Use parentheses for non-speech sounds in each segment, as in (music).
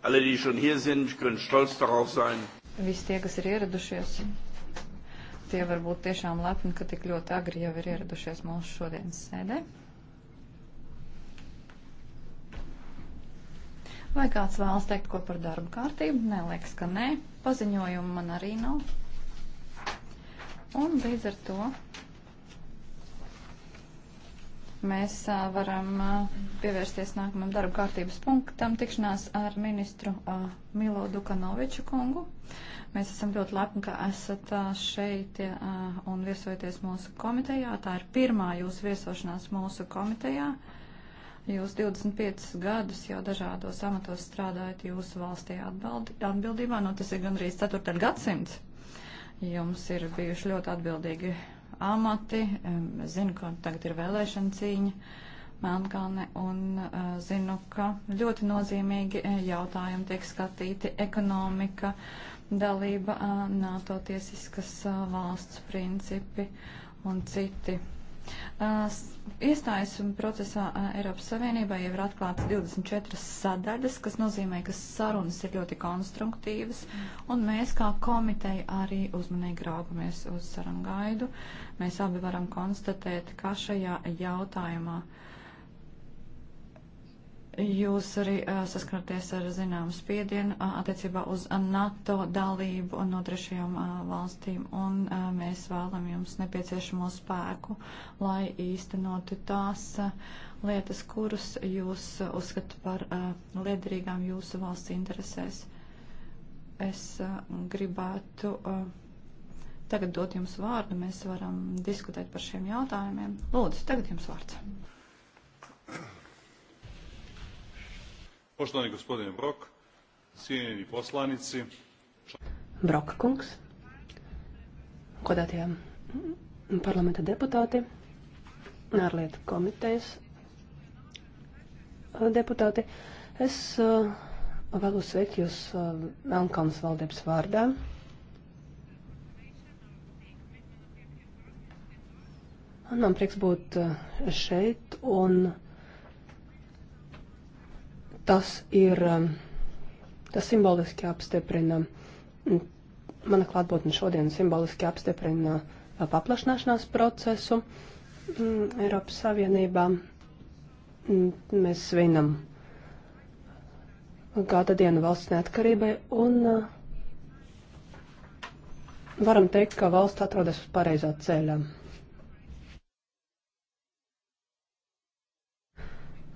Alle, die schon hier sind, können stolz darauf sein. Visi tie, kas ir ieradušies, tie var būt tiešām lepni, ka tik ļoti agri jau ir ieradušies mūsu šodienas sēdē. Vai kāds vēlas teikt ko par darba kārtību? Nē, liekas, ka nē. Paziņojumu man arī nav. Un līdz ar to mēs varam pievērsties nākamam darba kārtības punktam - tikšanās ar ministru Milo Dukanoviču kungu. Mēs esam ļoti lepni, ka esat šeit un viesojaties mūsu komitejā. Tā ir pirmā jūsu viesošanās mūsu komitejā. Jūs 25 gadus jau dažādos amatos strādājat jūsu valstī atbildībā, nu tas ir gandrīz 4. gadsimts. Jums ir bijuši ļoti atbildīgi amati. Zinu, ka tagad ir vēlēšana cīņa Melnkalne un e, zinu, ka ļoti nozīmīgi e, jautājumi tiek skatīti ekonomika, dalība e, NATO tiesiskas valsts principi un citi Iestājas procesā Eiropas Savienībā jau ir atklātas 24 sadaļas, kas nozīmē, ka sarunas ir ļoti konstruktīvas, un mēs kā komiteja arī uzmanīgi raugamies uz sarunu gaidu. Mēs abi varam konstatēt, ka šajā jautājumā uh, Jūs arī saskaraties ar zināmu spiedienu attiecībā uz NATO dalību no trešajām valstīm, un mēs vēlam jums nepieciešamo spēku, lai īstenotu tās lietas, kuras jūs uzskat par liederīgām jūsu valsts interesēs. Es gribētu tagad dot jums vārdu, mēs varam diskutēt par šiem jautājumiem. Lūdzu, tagad jums vārds. Poštovani gospodine Brok, cijenjeni poslanici. Broka kungs, godātie parlamenta deputāti, ārlietu komitejas eh, deputāti, es uh, vēlos sveikt jūs uh, eh, Melnkalnas valdības vārdā. Un man prieks būt šeit un Tas ir, um, tas simboliski apstiprina, mana klātbūtne šodien simboliski apstiprina uh, paplašināšanās procesu Eiropas Savienībā. Mēs svinam gada dienu valsts neatkarībai un uh, varam teikt, ka valsts atrodas uz pareizā ceļa.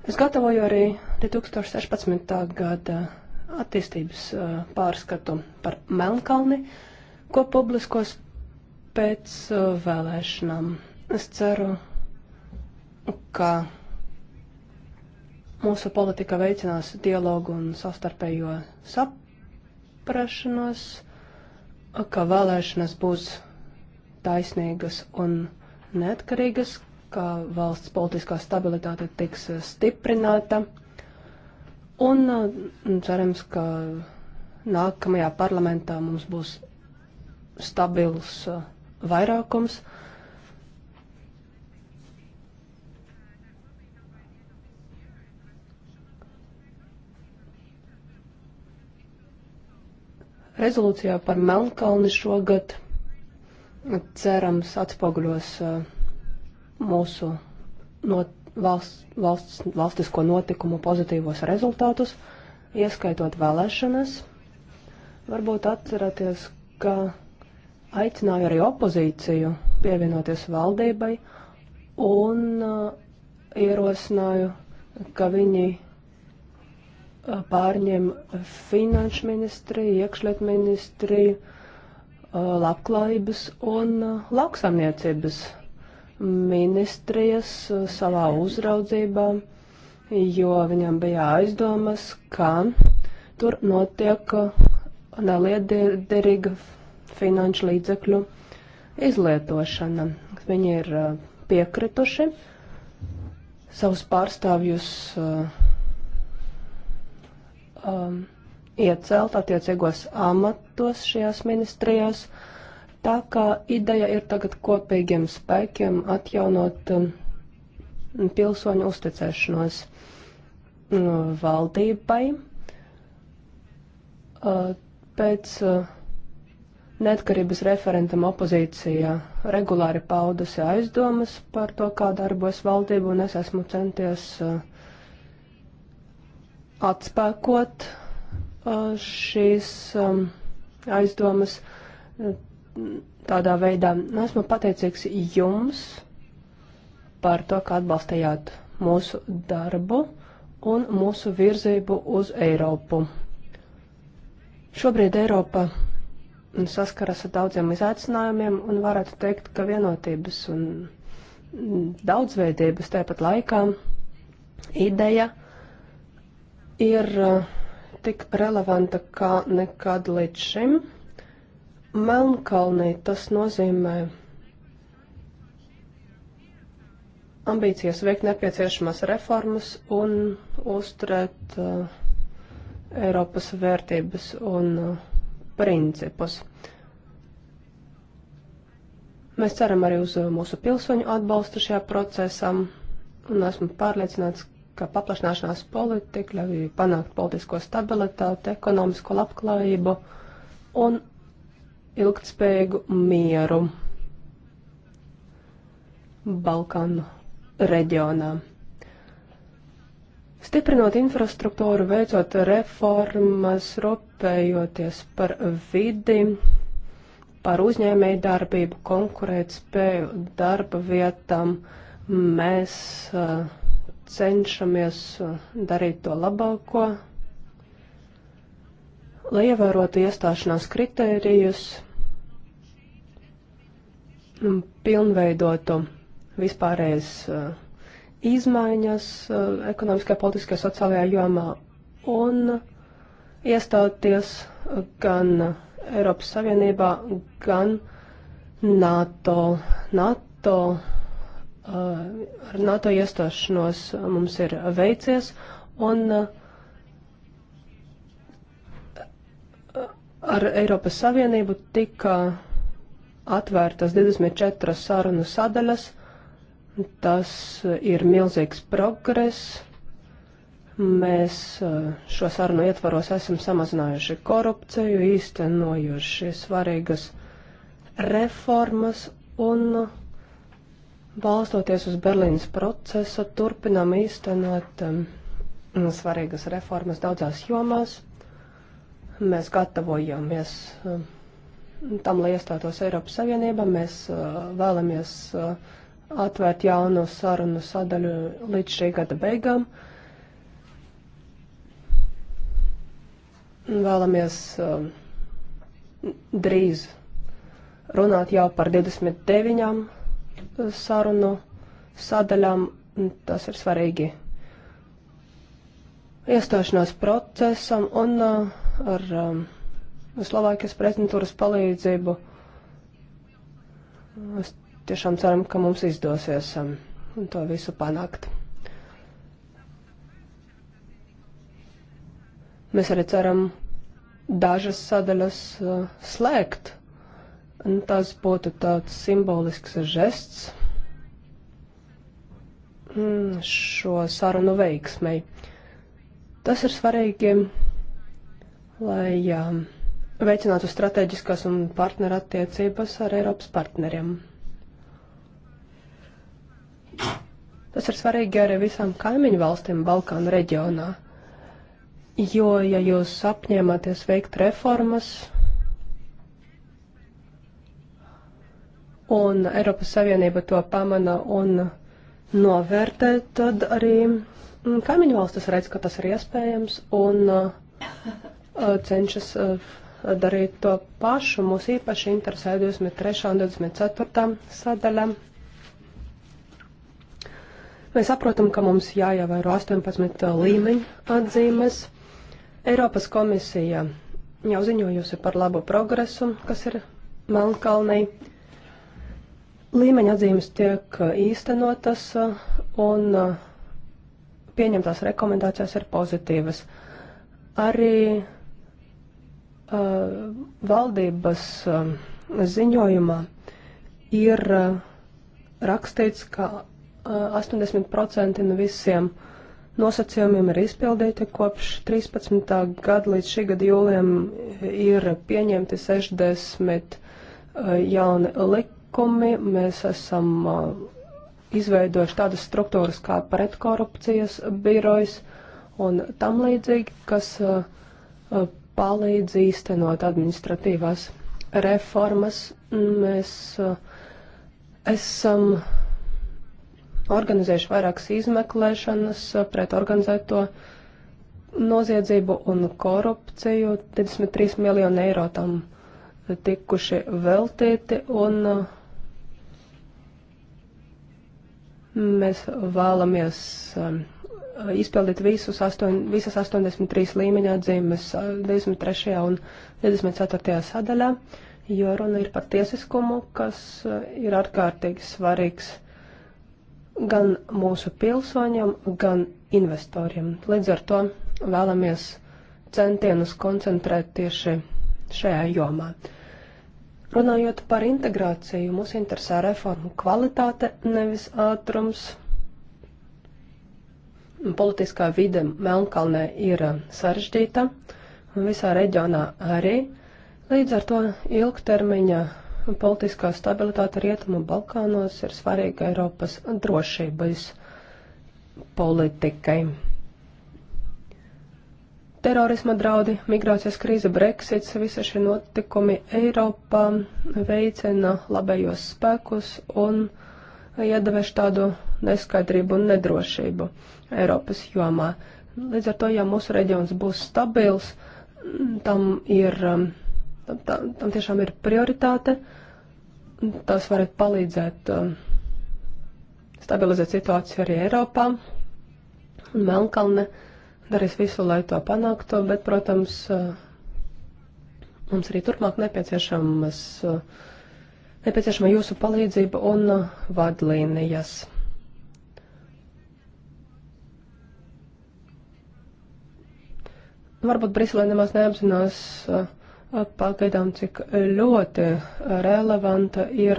Es gatavoju arī 2016. gada attīstības pārskatu par Melnkalni, ko publiskos pēc vēlēšanām. Es ceru, ka mūsu politika veicinās dialogu un savstarpējo saprašanos, ka vēlēšanas būs taisnīgas un neatkarīgas, ka valsts politiskā stabilitāte tiks eh, stiprināta. Un eh, cerams, ka nākamajā parlamentā mums būs stabils eh, vairākums. Rezolūcijā par Melnkalni šogad cerams atspoguļos uh, mūsu not, valsts, valsts, valstisko notikumu pozitīvos rezultātus, ieskaitot vēlēšanas. Varbūt atceraties, ka aicināju arī opozīciju pievienoties valdībai un uh, ierosināju, ka viņi uh, pārņem finanšu ministriju, iekšļietu ministriju, uh, labklājības un uh, lauksamniecības ministriju ministrijas uh, savā uzraudzībā, jo viņam bija aizdomas, ka tur notiek uh, neliederīga finanšu līdzekļu izlietošana. Viņi ir uh, piekrituši savus pārstāvjus uh, um, iecelt attiecīgos amatos šajās ministrijās. Uh, Tā kā ideja ir tagad kopīgiem spēkiem atjaunot um, pilsoņu uzticēšanos um, valdībai uh, pēc uh, neatkarības referentam opozīcija regulāri paudusi aizdomas par to, kā darbojas valdība, un es esmu centies uh, atspēkot šīs um, aizdomas tādā veidā. Esmu pateicīgs jums par to, ka atbalstījāt mūsu darbu un mūsu virzību uz Eiropu. Šobrīd Eiropa saskaras ar daudziem izaicinājumiem un varētu teikt, ka vienotības un daudzveidības tāpat laikā ideja ir eh, tik relevanta kā nekad līdz šim. Melnkalnī tas nozīmē ambīcijas veikt nepieciešamās reformas un uzturēt uh, Eiropas vērtības un uh, principus. Mēs ceram arī uz uh, mūsu pilsoņu atbalstu šajā procesā, un esmu pārliecināts, ka paplašināšanās politika ļauj panākt politisko stabilitāti, ekonomisko labklājību un ilgtspējīgu mieru Balkanu reģionā. Stiprinot infrastruktūru, veicot reformas, rūpējoties par vidi, par uzņēmēju darbību, konkurētspēju, darba vietām, mēs uh, cenšamies uh, darīt to labāko, lai ievērotu iestāšanās kritērijus, pilnveidotu vispārējais uh, izmaiņas uh, ekonomiskajā, politiskajā, sociālajā jomā un iestāties gan Eiropas Savienībā, gan NATO. NATO uh, ar NATO iestāšanos mums ir veicies, un uh, Ar Eiropas Savienību tika atvērtas 24 sarunu sadaļas. Tas ir milzīgs progress. Mēs eh, šo sarunu ietvaros esam samazinājuši korupciju, īstenojuši svarīgas reformas un balstoties uz Berlīnas procesa turpinām īstenot um, svarīgas reformas daudzās jomās. Mēs gatavojamies um, tam, lai iestātos Eiropas Savienībā. Mēs uh, vēlamies uh, atvērt jaunu sarunu sadaļu līdz šī gada beigām. Vēlamies um, drīz runāt jau par 29 uh, sarunu sadaļām. Tas ir svarīgi iestāšanās procesam un uh, ar um, Slovākijas prezidentūras palīdzību. Mēs tiešām ceram, ka mums izdosies um, to visu panākt. Mēs arī ceram dažas sadaļas uh, slēgt. Un tas būtu tāds simbolisks žests mm, šo sarunu veiksmei. Tas ir svarīgi lai um, veicinātu strateģiskās un partneru attiecības ar Eiropas partneriem. Tas ir svarīgi arī visām kaimiņu valstīm Balkānu reģionā, jo, ja jūs apņēmāties veikt reformas un Eiropas Savienība to pamana un novērtē, tad arī mm, kaimiņu valstis redz, ka tas ir iespējams un uh, Uh, cenšas uh, darīt to pašu. Mūs īpaši interesē 23. un 24. sadaļa. Mēs saprotam, ka mums jāievēro 18 uh, līmeņa atzīmes. Eiropas komisija jau ziņojusi par labu progresu, kas ir Melnkalnei. Līmeņa atzīmes tiek īstenotas un pieņemtās rekomendācijas ir pozitīvas. Arī Uh, valdības um, ziņojumā ir uh, rakstīts, ka 80% uh, no visiem nosacījumiem ir izpildīti. Kopš 13. gada līdz šī gada jūlijam ir pieņemti 60 jauni likumi. Mēs esam izveidojuši tādas struktūras kā pretkorupcijas birojs un tam līdzīgi, kas palīdz īstenot administratīvās reformas. Mēs uh, esam organizējuši vairākas izmeklēšanas uh, pret organizēto noziedzību un korupciju. 23 miljoni eiro tam tikuši veltīti un uh, mēs vēlamies um, Eh, izpildīt visus 8, visas 83 līmeņa atzīmes 23. Eh, un 24. sadaļā, jo runa ir par tiesiskumu, kas eh, ir ārkārtīgi svarīgs gan mūsu pilsoņiem, gan investoriem. Līdz ar to vēlamies centienus koncentrēt tieši šajā jomā. Runājot par integrāciju, mūs interesē reformu kvalitāte, nevis ātrums Politiskā vide Melnkalnē ir eh, sarežģīta, visā reģionā arī. Līdz ar to ilgtermiņa politiskā stabilitāte Rietumu Balkānos ir svarīga Eiropas drošības politikai. Terorisma draudi, migrācijas krīze, Brexits, visi šie notikumi Eiropā veicina labējos spēkus un iedevēšu tādu neskaidrību un nedrošību. Eiropas jomā. Līdz ar to, ja mūsu reģions būs stabils, tam ir, um, tam, tam tiešām ir prioritāte. Tas var palīdzēt um, stabilizēt situāciju arī Eiropā. Un Melnkalne darīs visu, lai to panāktu, bet, protams, uh, mums arī turpmāk nepieciešamas, uh, nepieciešama jūsu palīdzība un uh, vadlīnijas. Varbūt Briselē nemaz neapzinās eh, pagaidām, cik ļoti relevanta ir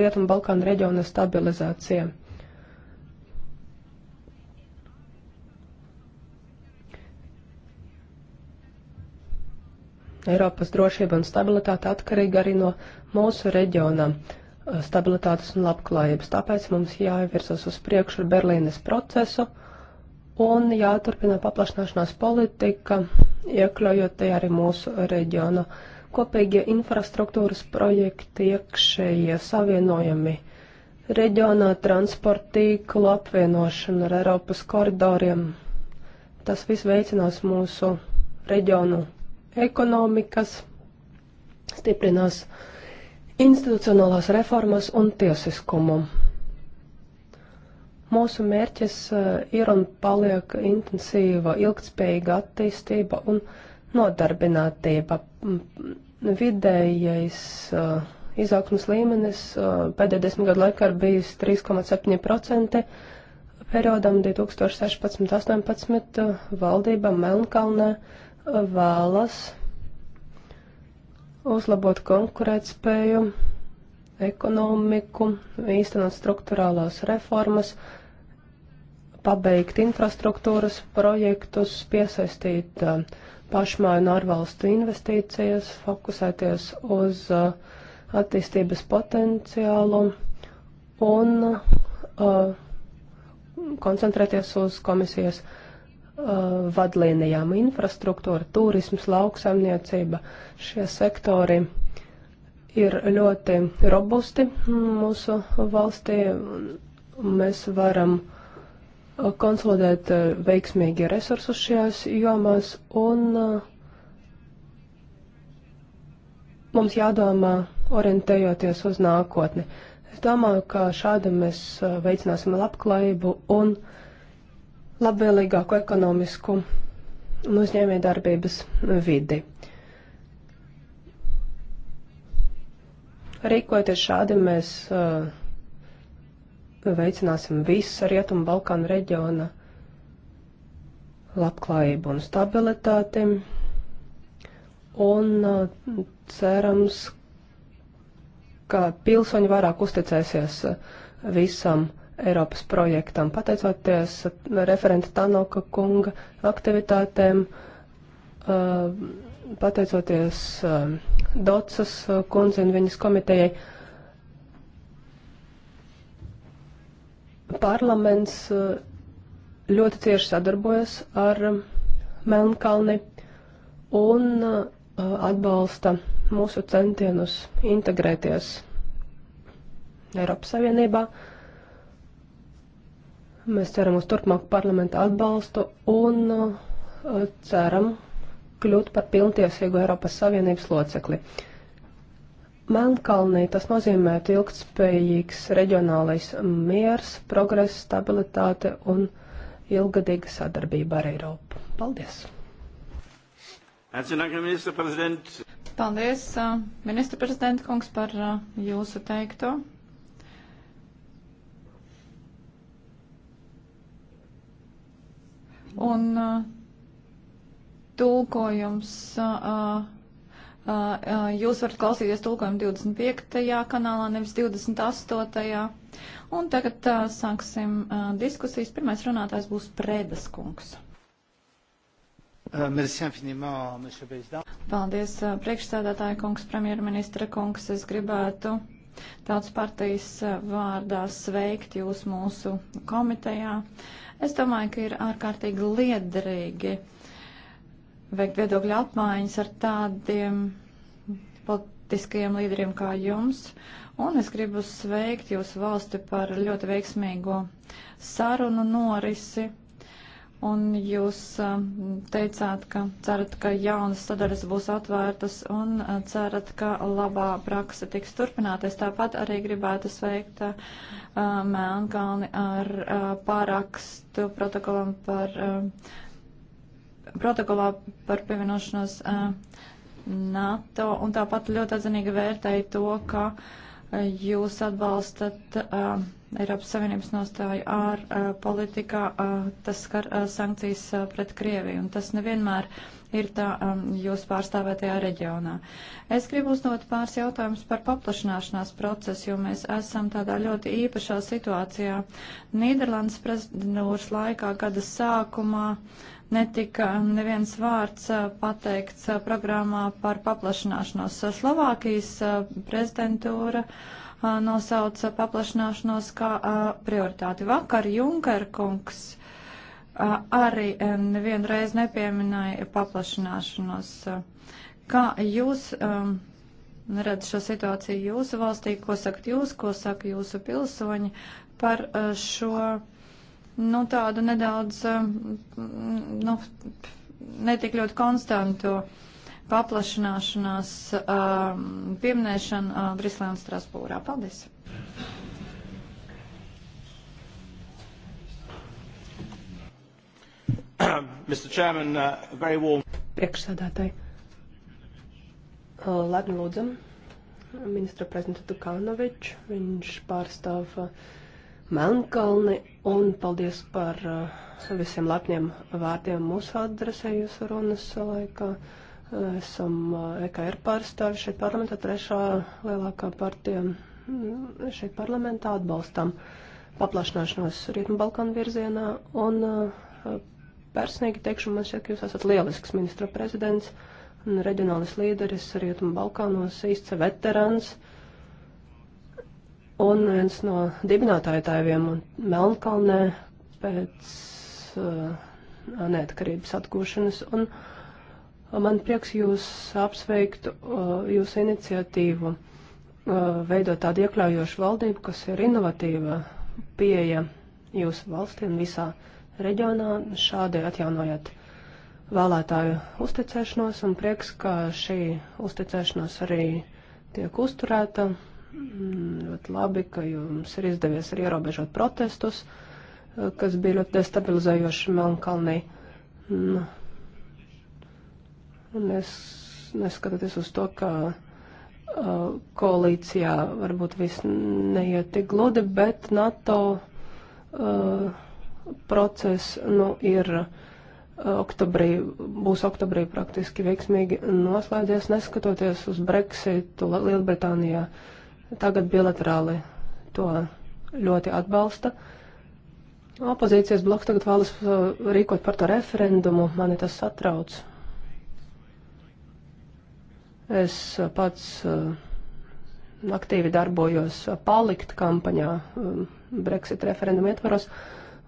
Rietumu Balkānu reģiona stabilizācija. Eiropas drošība un stabilitāte atkarīga arī no mūsu reģiona eh, stabilitātes un labklājības. Tāpēc mums jāvirzas uz priekšu ar Berlīnes procesu un jāturpina paplašināšanās politika, iekļaujot te arī mūsu reģiona kopīgie infrastruktūras projekti, iekšējie savienojumi reģionā, transporta tīkla apvienošana ar Eiropas koridoriem. Tas viss veicinās mūsu reģionu ekonomikas, stiprinās institucionālās reformas un tiesiskumu. Mūsu mērķis eh, ir un paliek intensīva, ilgtspējīga attīstība un nodarbinātība. Vidējais eh, izaugsmas līmenis eh, pēdējā desmit gadu laikā ir bijis 3,7%. Periodam 2016-18 valdība Melnkalnē vēlas uzlabot konkurētspēju, ekonomiku, īstenot struktūrālās reformas, uh, pabeigt infrastruktūras projektus, piesaistīt uh, pašmāju un ārvalstu investīcijas, fokusēties uz uh, attīstības potenciālu un uh, koncentrēties uz komisijas vadlīnijām - infrastruktūra, turisms, lauksaimniecība. Šie sektori ir ļoti robusti mūsu valstī. Mēs varam konsolidēt eh, veiksmīgi resursus šajās jomās un eh, mums jādomā orientējoties uz nākotni. Es domāju, ka šādi mēs eh, veicināsim labklājību un labvēlīgāku ekonomisku un uzņēmējdarbības vidi. Rīkoties šādi mēs uh, veicināsim visu Rietumu Balkānu reģiona labklājību un stabilitāti. Un uh, cerams, ka pilsoņi vairāk uzticēsies uh, visam Eiropas projektam, pateicoties uh, referenta Tanoka kunga aktivitātēm, pateicoties Docas kundzi un viņas komitejai parlaments uh, ļoti cieši sadarbojas ar um, Melnkalni un uh, atbalsta mūsu centienus integrēties Eiropas Savienībā. Mēs ceram uz turpmāku parlamentu atbalstu un uh, ceram kļūt par pilntiesīgu Eiropas Savienības locekli. Uh, Melnkalnī tas nozīmē ilgtspējīgs reģionālais miers, progress, stabilitāte un ilgadīga sadarbība ar Eiropu. Paldies! Paldies, ministra prezidenta kungs, par jūsu teikto. Un tulkojums. Uh, Jūs varat klausīties tulkojumu 25. kanālā, nevis 28. Un tagad sāksim diskusijas. Pirmais runātājs būs Prēdas kungs. Paldies, priekšsēdētāja kungs, premjerministra kungs. Es gribētu tautas partijas vārdā sveikt jūs mūsu komitejā. Es domāju, ka ir ārkārtīgi liederīgi uh, veikt viedokļu apmaiņas ar tādiem politiskajiem līderiem kā jums. Un es gribu sveikt jūsu valsti par ļoti veiksmīgo sarunu norisi. Un jūs um, teicāt, ka cerat, ka jaunas sadaļas būs atvērtas un uh, cerat, ka labā praksa tiks turpināta. Es tāpat arī gribētu sveikt uh, Mēnkalni um, ar uh, pārakstu protokolam par uh, protokolā par pievienošanos uh, NATO un tāpat ļoti atzinīgi vērtēju to, ka uh, jūs atbalstat uh, Eiropas Savienības nostāju ār uh, politikā, uh, tas skar uh, sankcijas uh, pret Krieviju un tas nevienmēr ir tā um, jūs pārstāvētajā reģionā. Es gribu uzdot pāris jautājumus par paplašanāšanās procesu, jo mēs esam tādā ļoti īpašā situācijā. Nīderlandes prezidentūras laikā gada sākumā netika neviens vārds pateikts programmā par paplašināšanos. Slovākijas prezidentūra nosauca paplašināšanos kā prioritāti. Vakar Junkerkungs arī nevienreiz nepieminēja paplašināšanos. Kā jūs um, redzat šo situāciju jūsu valstī, ko sakat jūs, ko saka jūsu pilsoņi par uh, šo? nu, tādu nedaudz, um, nu, netik ļoti konstantu paplašināšanās um, pieminēšanu uh, Briselē un Strasbūrā. Paldies! (clears throat) Mr. Chairman, uh, very warm. Priekšsādātāji. Uh, Labi, lūdzam. Ministra prezidenta Tukanoviču. Viņš pārstāv uh, Melnkalni, un paldies par uh, visiem lepniem vārdiem mūsu adresē jūsu runas laikā. Uh, esam uh, EKR pārstāvi šeit parlamentā, trešā lielākā partija mm, šeit parlamentā atbalstam paplašināšanos Rietumu Balkanu virzienā, un personīgi teikšu, man šķiet, ka jūs esat lielisks ministra prezidents un reģionālis līderis Rietumu Balkānos, īsts veterans. Uh, Un viens no dibinātājiem Melnkalnē pēc uh, neatkarības atgūšanas. Un man prieks jūs apsveikt uh, jūsu iniciatīvu uh, veidot tādu iekļaujošu valdību, kas ir inovatīva pieeja jūsu valstī un visā reģionā. Šādi atjaunojat vēlētāju uzticēšanos un prieks, ka šī uzticēšanos arī tiek uzturēta Mm, ļoti labi, ka jums ir izdevies arī ierobežot protestus, eh, kas bija ļoti destabilizējoši Melnkalnī. Mm. Un es neskatoties uz to, ka eh, koalīcijā varbūt viss neiet tik gludi, bet NATO uh, process nu, ir uh, oktobrī, būs oktobrī praktiski veiksmīgi noslēdzies, neskatoties uz Brexitu Lielbritānijā. Uh, tagad bilaterāli to ļoti atbalsta. Opozīcijas bloks tagad vēlas uh, rīkot par to referendumu, mani tas satrauc. Es uh, pats uh, aktīvi darbojos palikt kampaņā um, Brexit referendumu ietvaros,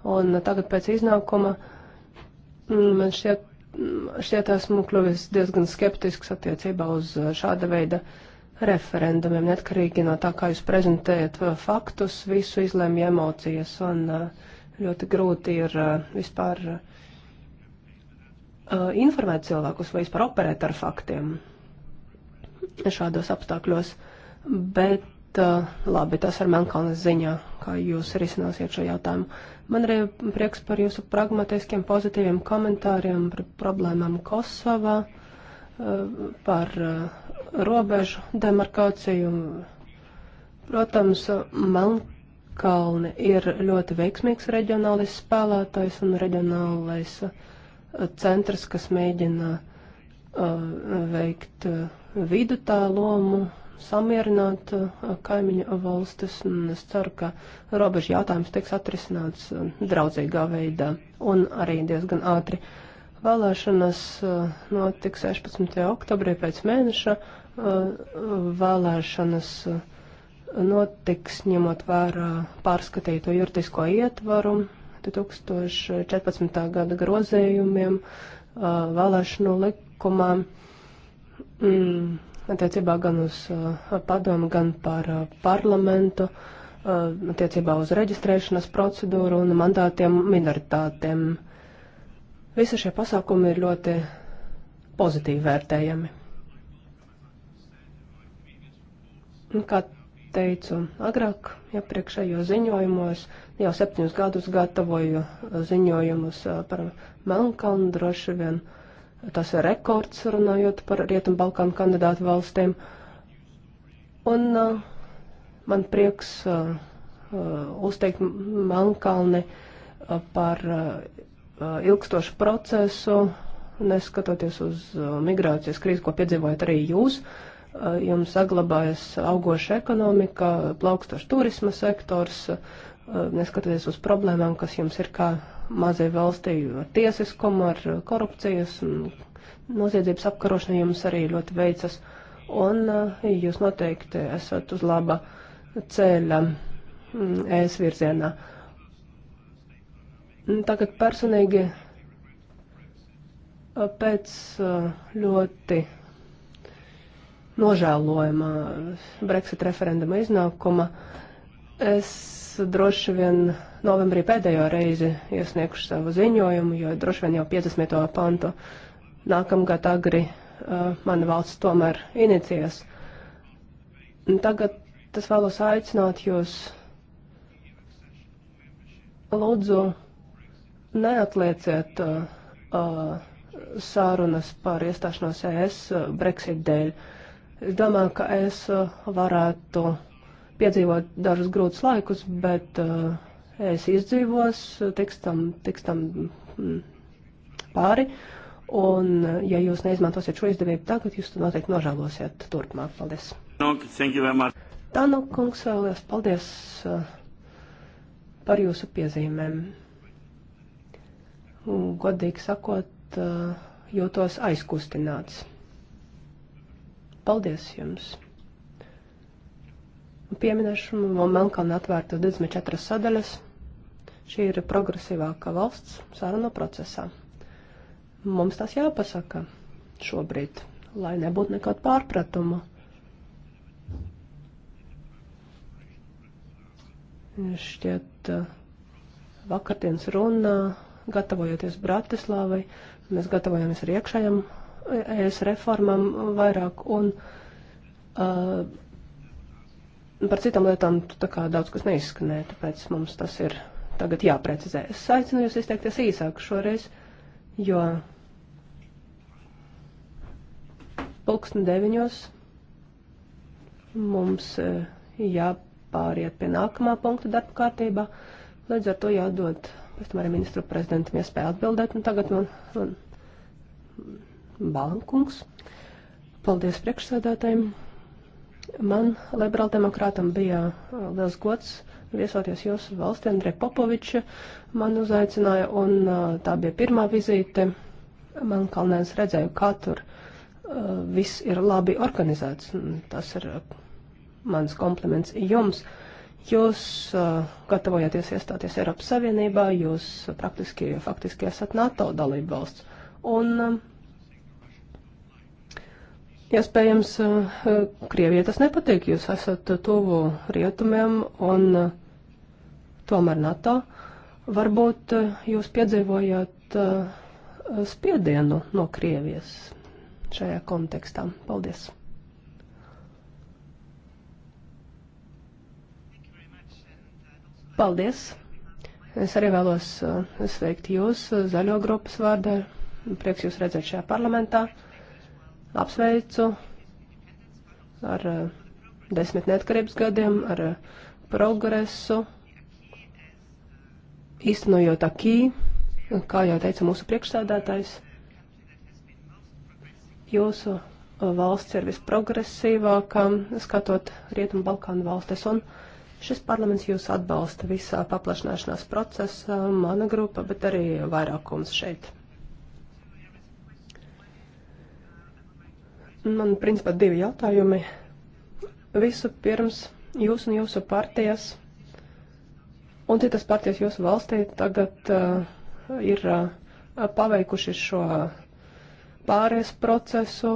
un tagad pēc iznākuma mm, man šķiet, mm, šķiet esmu kļuvis diezgan skeptisks attiecībā uz šāda veida uh, referendumiem, neatkarīgi no tā, kā jūs prezentējat uh, faktus, visu izlēma emocijas, un uh, ļoti grūti ir uh, vispār informēt cilvēkus vai vispār operēt ar faktiem šādos apstākļos. Bet labi, tas ir Melnkalnes ziņā, kā jūs risināsiet šo jautājumu. Man arī prieks par jūsu pragmatiskiem, pozitīviem komentāriem par problēmām Kosovā, par robežu demarkāciju. Protams, Melnkalne ir ļoti veiksmīgs reģionālais spēlētājs un reģionālais uh, centrs, kas mēģina uh, veikt uh, vidu tā lomu, samierināt uh, kaimiņu valstis. Un es ceru, ka robežu jautājums tiks atrisināts uh, draudzīgā veidā un arī diezgan ātri. Vēlēšanas uh, notiks 16. oktobrī pēc mēneša. Uh, vēlēšanas notiks ņemot vērā pārskatīto juridisko ietvaru 2014. gada grozējumiem uh, vēlēšanu likumā mm, attiecībā gan uz uh, padomu, gan par parlamentu, attiecībā uz reģistrēšanas procedūru un mandātiem minoritātiem. Visi šie pasākumi ir ļoti pozitīvi vērtējami. Un, nu, kā teicu agrāk, iepriekšējos ziņojumos, jau septiņus gadus gatavoju uh, ziņojumus uh, par Melnkalnu droši vien. Tas ir rekords, runājot par Rietumu Balkānu kandidātu valstīm. Un uh, man prieks uh, uh uzteikt Melnkalni uh, par uh, ilgstošu procesu, neskatoties uz uh, migrācijas krīzi, ko piedzīvojat arī jūs. Uh, Eh, jums saglabājas augoša ekonomika, plaukstošs turisma sektors, eh, neskatoties uz problēmām, kas jums ir kā mazai valstī ar tiesiskumu, ar eh, korupcijas un noziedzības apkarošanu jums arī ļoti veicas. Un jūs noteikti esat uz laba ceļa mm, ēs virzienā. Mm, tagad personīgi pēc ļoti nožēlojama Brexit referenduma iznākuma. Es droši vien novembrī pēdējo reizi iesniegšu savu ziņojumu, jo droši vien jau 50. pantu nākamgad agri uh, mana valsts tomēr inicies. Un tagad es vēlos aicināt jūs, lūdzu, neatlieciet uh, uh, sārunas par iestāšanos ES Brexit dēļ. Uh, Es domāju, ka es uh, varētu piedzīvot dažus grūtus laikus, bet uh, es izdzīvos, uh, tiks tam, tiks tam mm, pāri. Un, uh, ja jūs neizmantosiet šo izdevību tagad, jūs to noteikti nožēlosiet turpmāk. Paldies! No, Tā nu, kungs, vēlies paldies uh, par jūsu piezīmēm. Godīgi sakot, uh, jūtos aizkustināts. Paldies jums! Pieminēšu Melnkalna atvērto 24 sadaļas. Šī ir progresīvākā valsts sarunu procesā. Mums tas jāpasaka šobrīd, lai nebūtu nekādu pārpratumu. Šķiet, vakardienas runa, gatavojoties Bratislāvai, mēs gatavojamies arī iekšējam es reformām vairāk un uh, par citām lietām tā kā daudz kas neizskanē, tāpēc mums tas ir tagad jāprecizē. Es aicinu jūs izteikties īsāk šoreiz, jo pulksten deviņos mums uh, jāpāriet pie nākamā punkta darba kārtībā, līdz ar to jādod pēc tam arī ministru prezidentam iespēja atbildēt, un tagad man, man Balankungs. Paldies priekšsēdētājiem. Man, liberāldemokrātam, bija uh, liels gods viesoties jūsu valstī. Andrei Popoviča man uzaicināja, un uh, tā bija pirmā vizīte. Man Kalnēns redzēja, kā tur uh, viss ir labi organizēts. Tas ir mans kompliments jums. Jūs uh, gatavojaties iestāties Eiropas Savienībā, jūs praktiski, faktiski esat NATO dalība valsts. Un um, Iespējams, eh, Krievijai tas nepatīk, jūs esat tuvu rietumiem un eh, tomēr NATO. Varbūt eh, jūs piedzīvojat spiedienu no Krievijas šajā kontekstā. Paldies! Paldies! Es arī vēlos sveikt jūs zaļo grupas vārdā. Prieks jūs redzēt šajā parlamentā apsveicu ar eh, desmit neatkarības gadiem, ar eh, progresu, īstenojot akī, kā jau teica mūsu priekšsēdētājs. Jūsu eh, valsts ir visprogresīvākā, skatot Rietumu Balkānu valstis, un šis parlaments jūs atbalsta visā paplašināšanās procesā, mana grupa, bet arī vairākums šeit. Man principā divi jautājumi. Visu pirms jūs un jūsu partijas un citas partijas jūsu valstī tagad uh, ir uh, paveikuši šo pārējais procesu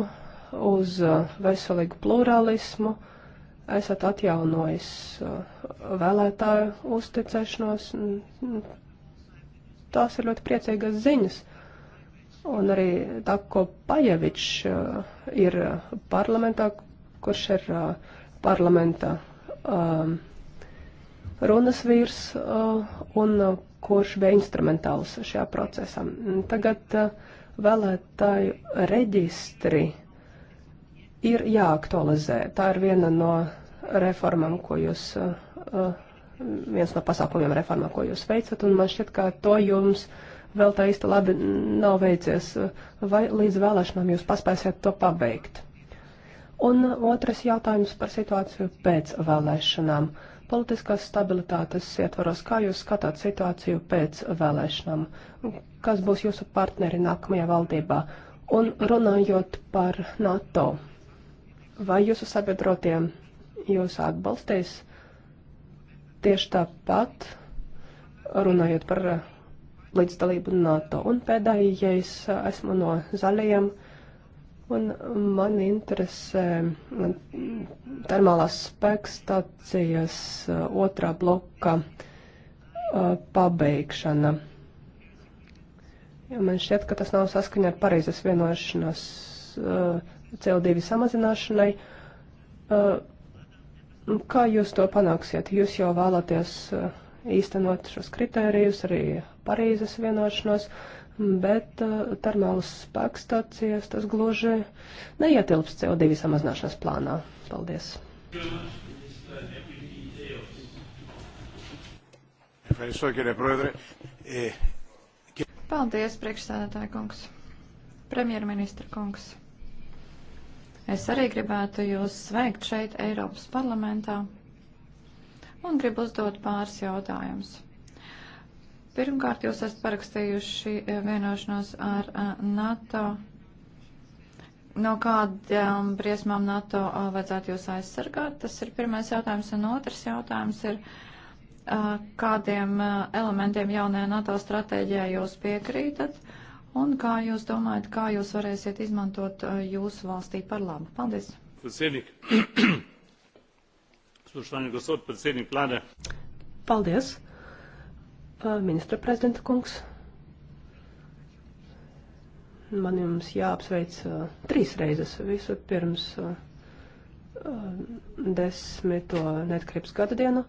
uz uh, veselīgu pluralismu, esat atjaunojis uh, vēlētāju uzticēšanos. Tās ir ļoti priecīgas ziņas. Un arī Dako Pajevičs uh, ir parlamentā, kurš ir uh, parlamenta um, runas vīrs uh, un kurš bija instrumentāls šajā procesā. Tagad vēlētāju reģistri ir jāaktualizē. Tā ir viena no reformām, ko jūs, viens no pasākumiem reformā, ko jūs veicat, un man šķiet, ka to jums vēl tā īsti labi nav veicies, vai līdz vēlēšanām jūs paspēsiet to pabeigt? Un otrs jautājums par situāciju pēc vēlēšanām. Politiskās stabilitātes ietvaros, kā jūs skatāt situāciju pēc vēlēšanām? Kas būs jūsu partneri nākamajā valdībā? Un runājot par NATO, vai jūsu sabiedrotiem jūs atbalstīs tieši tāpat, runājot par līdzdalību NATO. Un pēdējais esmu no zaļajiem, un man interesē termālās spēkstācijas otrā bloka pabeigšana. Jo man šķiet, ka tas nav saskaņā ar Parīzes vienošanos CO2 samazināšanai. Kā jūs to panāksiet? Jūs jau vēlaties uh, īstenot šos kritērijus, arī Parīzes vienošanos, bet uh, termālas spēkstācijas tas gloži neietilps CO2 samazināšanas plānā. Paldies! E, Paldies, priekšsēdētāja kungs, premjerministra kungs. Es arī gribētu jūs sveikt šeit Eiropas parlamentā un gribu uzdot pāris jautājumus. Pirmkārt, jūs esat parakstījuši eh, vienošanos ar eh, NATO. No kādām briesmām NATO eh, vajadzētu jūs aizsargāt? Tas ir pirmais jautājums. Un otrs jautājums ir, kādiem elementiem jaunajā NATO stratēģijā jūs piekrītat? Un kā jūs domājat, kā jūs varēsiet izmantot jūsu valstī par labu? Paldies! Spoštovani gospod predsednik vlade. Paldies. Ministra prezidenta kungs. Man jums jāapsveic uh, trīs reizes. Visu pirms uh, desmito netkarības gada dienu,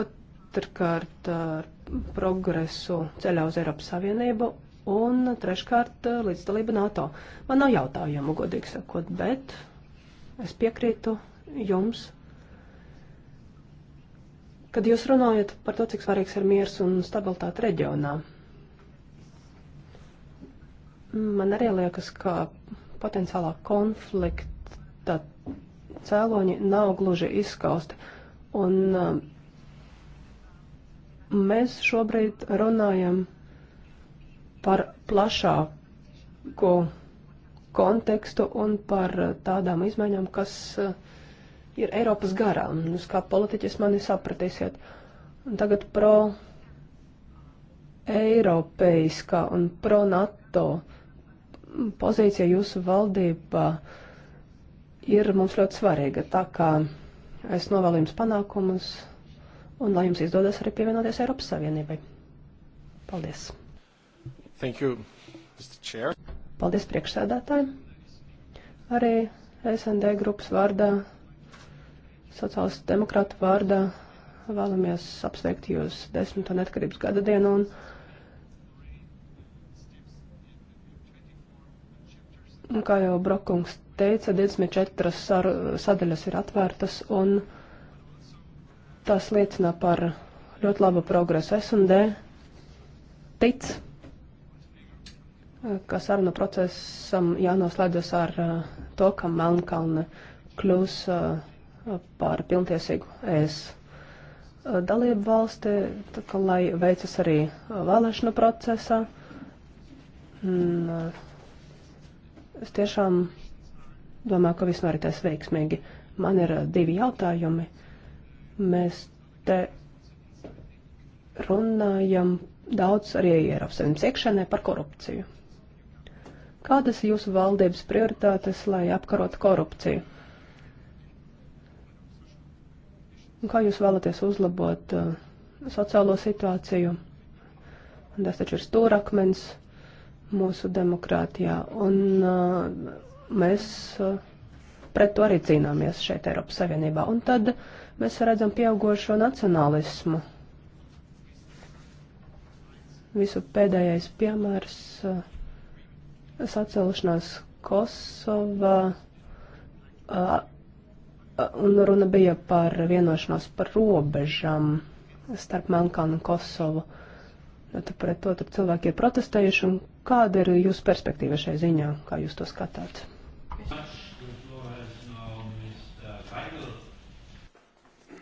otrkārt ar uh, progresu ceļā uz Eiropas Savienību un treškārt uh, līdzdalība NATO. Man nav jautājumu, godīgi sakot, bet es piekrītu jums kad jūs runājat par to, cik svarīgs ir miers un stabilitāte reģionā. Man arī liekas, ka potenciālā konflikta cēloņi nav gluži izskausti. Un uh, mēs šobrīd runājam par plašāko kontekstu un par tādām izmaiņām, kas uh, ir Eiropas garā, un jūs kā politiķis mani sapratīsiet. Un tagad pro eiropeiskā un pro NATO pozīcija jūsu valdībā ir mums ļoti svarīga, tā kā es novēlu jums panākumus, un lai jums izdodas arī pievienoties Eiropas Savienībai. Paldies! Thank you, Mr. Chair. Paldies priekšsēdētāji. Arī SND grupas vārdā Sociālas demokrāta vārdā vēlamies apsveikt jūs desmito neatkarības gada dienu un Un kā jau Brokungs teica, 24 sar, sadaļas ir atvērtas, un tas liecina par ļoti labu progresu. S&D tic, ka saruna procesam jānoslēdzas ar uh, to, ka Melnkalne kļūs uh, par pilntiesīgu ES dalību valsti, ka, lai veicas arī vēlēšanu procesā. Un, eh, es tiešām domāju, ka viss noritēs veiksmīgi. Man ir eh, divi jautājumi. Mēs te runājam daudz arī Eiropas Savienības iekšēnē par korupciju. Kādas ir jūsu valdības prioritātes, lai apkarotu korupciju? Un kā jūs vēlaties uzlabot uh, sociālo situāciju? Un tas taču ir stūrakmens mūsu demokrātijā. Un uh, mēs uh, pret to arī cīnāmies šeit Eiropas Savienībā. Un tad mēs redzam pieaugošo nacionalismu. Visu pēdējais piemērs uh, sacēlušanās Kosovā. Uh, Un runa bija par vienošanos par robežām starp Melnkalnu un Kosovu. Nu, tad pret to tur cilvēki ir protestējuši. Un kāda ir jūsu perspektīva šai ziņā? Kā jūs to skatāt?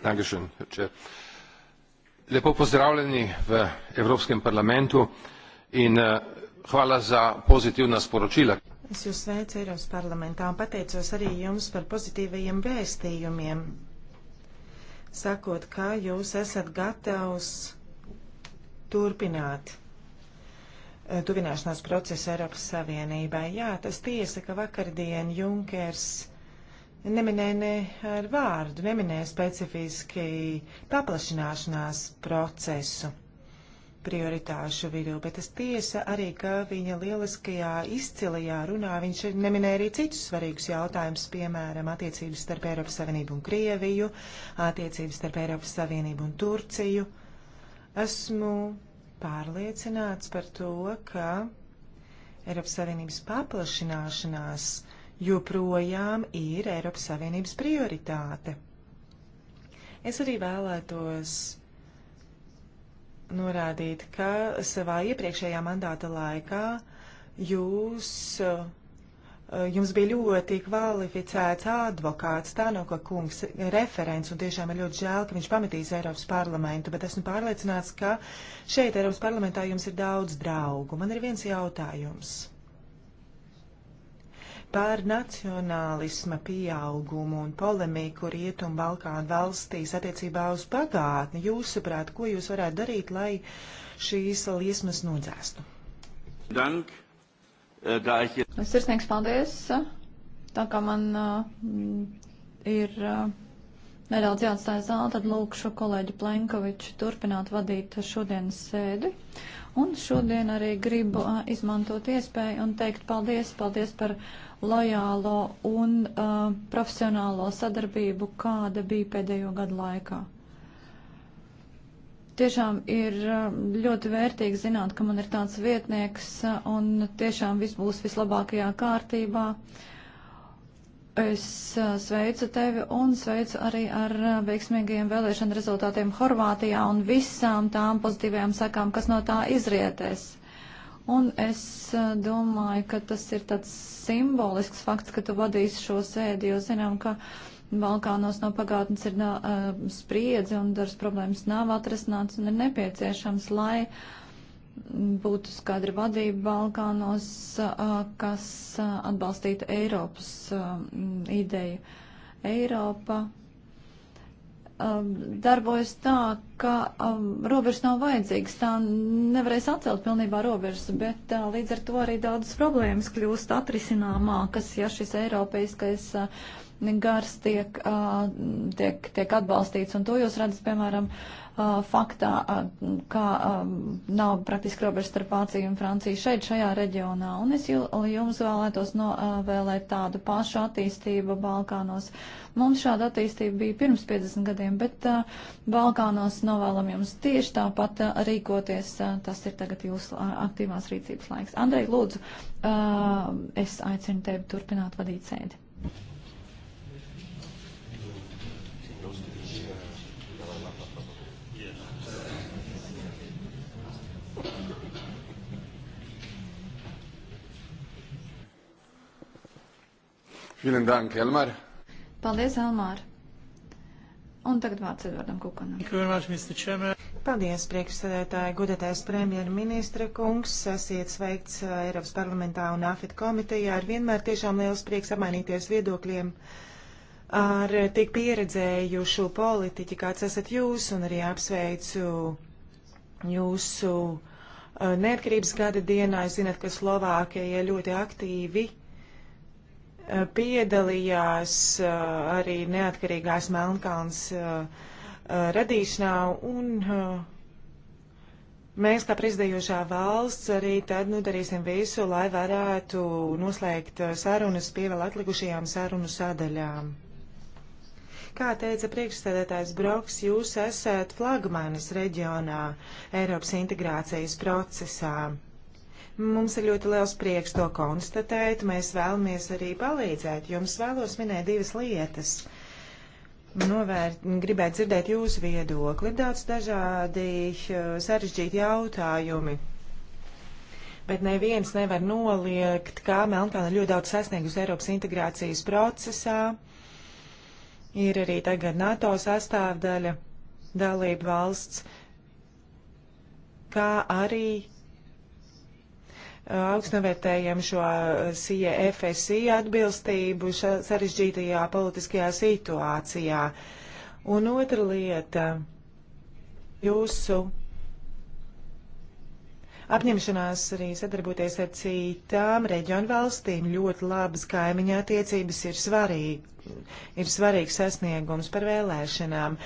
Dankeschön, Herr Chair. Lepo pozdravljeni v Evropskem parlamentu in eh, hvala za pozitivna sporočila. Es jūs sveicu Eiropas parlamentā un pateicos arī jums par pozitīvajiem vēstījumiem, sakot, ka jūs esat gatavs turpināt eh, tuvināšanās procesu Eiropas Savienībai. Jā, tas tiesa, ka vakardien Junkers neminēja ne ar vārdu, neminēja specifiski paplašināšanās procesu prioritāšu vidū, bet tas tiesa arī, ka viņa lieliskajā izcilajā runā viņš neminēja arī citus svarīgus jautājumus, piemēram, attiecības starp Eiropas Savienību un Krieviju, attiecības starp Eiropas Savienību un Turciju. Esmu pārliecināts par to, ka Eiropas Savienības paplašināšanās joprojām ir Eiropas Savienības prioritāte. Es arī vēlētos norādīt, ka savā iepriekšējā mandāta laikā jūs, eh, jums bija ļoti kvalificēts advokāts Tānoka kungs, referents, un tiešām ir ļoti žēl, ka viņš pametīs Eiropas parlamentu, bet esmu pārliecināts, ka šeit Eiropas parlamentā jums ir daudz draugu. Man ir viens jautājums par nacionālisma pieaugumu un polemiku Rietumu Balkānu valstīs attiecībā uz pagātni. Jūsuprāt, ko jūs varētu darīt, lai šīs liesmas nodzēstu? Dank, äh, dāķi. Sirsnīgs paldies. Tā kā man uh, ir uh, nedaudz jāatstāj zāle, tad lūkšu kolēģi Plenkoviču turpināt vadīt šodienas sēdi. Un šodien arī gribu uh, izmantot iespēju un teikt paldies, paldies par lojālo un uh, profesionālo sadarbību, kāda bija pēdējo gadu laikā. Tiešām ir uh, ļoti vērtīgi zināt, ka man ir tāds vietnieks uh, un tiešām viss būs vislabākajā kārtībā. Es uh, sveicu tevi un sveicu arī ar veiksmīgajiem vēlēšana rezultātiem Horvātijā un visām tām pozitīvajām sakām, kas no tā izrietēs. Un es eh, domāju, ka tas ir tāds simbolisks fakts, ka tu vadīsi šo sēdi, jo zinām, ka Balkānos no pagātnes ir nā, eh, spriedzi un daras problēmas nav atrasināts un ir nepieciešams, lai būtu skaidra vadība Balkānos, eh, kas atbalstītu Eiropas ideju. Eiropa Um, darbojas tā, ka um, robežas nav vajadzīgas. Tā nevarēs atcelt pilnībā robežas, bet uh, līdz ar to arī daudzas problēmas kļūst atrisināmākas, ja šis eiropeiskais uh, gars tiek, tiek, tiek atbalstīts, un to jūs redzat, piemēram, faktā, kā nav praktiski robežas starp Vāciju un Franciju šeit, šajā reģionā. Un es jums vēlētos novēlēt tādu pašu attīstību Balkānos. Mums šāda attīstība bija pirms 50 gadiem, bet Balkānos novēlam jums tieši tāpat rīkoties. Tas ir tagad jūsu aktīvās rīcības laiks. Andrei, lūdzu, es aicinu tevi turpināt vadīt sēdi. Vielen dank, Elmar. Paldies, Elmār. Un tagad vārds Edvardam Kukanam. Paldies, priekšsēdētāji, gudatais premjerministra kungs, esiet sveikts uh, Eiropas parlamentā un AFIT komitejā. Ir vienmēr tiešām liels prieks apmainīties viedokļiem ar tik pieredzējušu politiķi, kāds esat jūs, un arī apsveicu jūsu uh, neatkarības gada dienā. Zinat, ka Slovākija ļoti aktīvi piedalījās eh, arī neatkarīgās Melnkalns eh, eh, radīšanā un mēs kā prezidējošā valsts arī tad nu, darīsim visu, lai varētu noslēgt sarunas pie vēl atlikušajām sarunu sadaļām. Kā teica priekšsēdētājs Broks, jūs esat flagmanis reģionā Eiropas integrācijas procesā. Mums ir ļoti liels prieks to konstatēt. Mēs vēlamies arī palīdzēt. Jums vēlos minēt divas lietas. Novērt, gribētu dzirdēt jūsu viedokli. Ir daudz dažādi eh, sarežģīti jautājumi. Bet neviens nevar noliegt, kā Melnkalna ļoti daudz sasniegusi Eiropas integrācijas procesā ir arī tagad NATO sastāvdaļa, dalība valsts, kā arī augstnovērtējam šo eh, CFSI atbilstību sarežģītajā politiskajā situācijā. Un otra lieta - jūsu apņemšanās arī sadarboties ar citām reģionu valstīm. Ļoti labas kaimiņa attiecības ir svarīgi. Ir svarīgs sasniegums par vēlēšanām.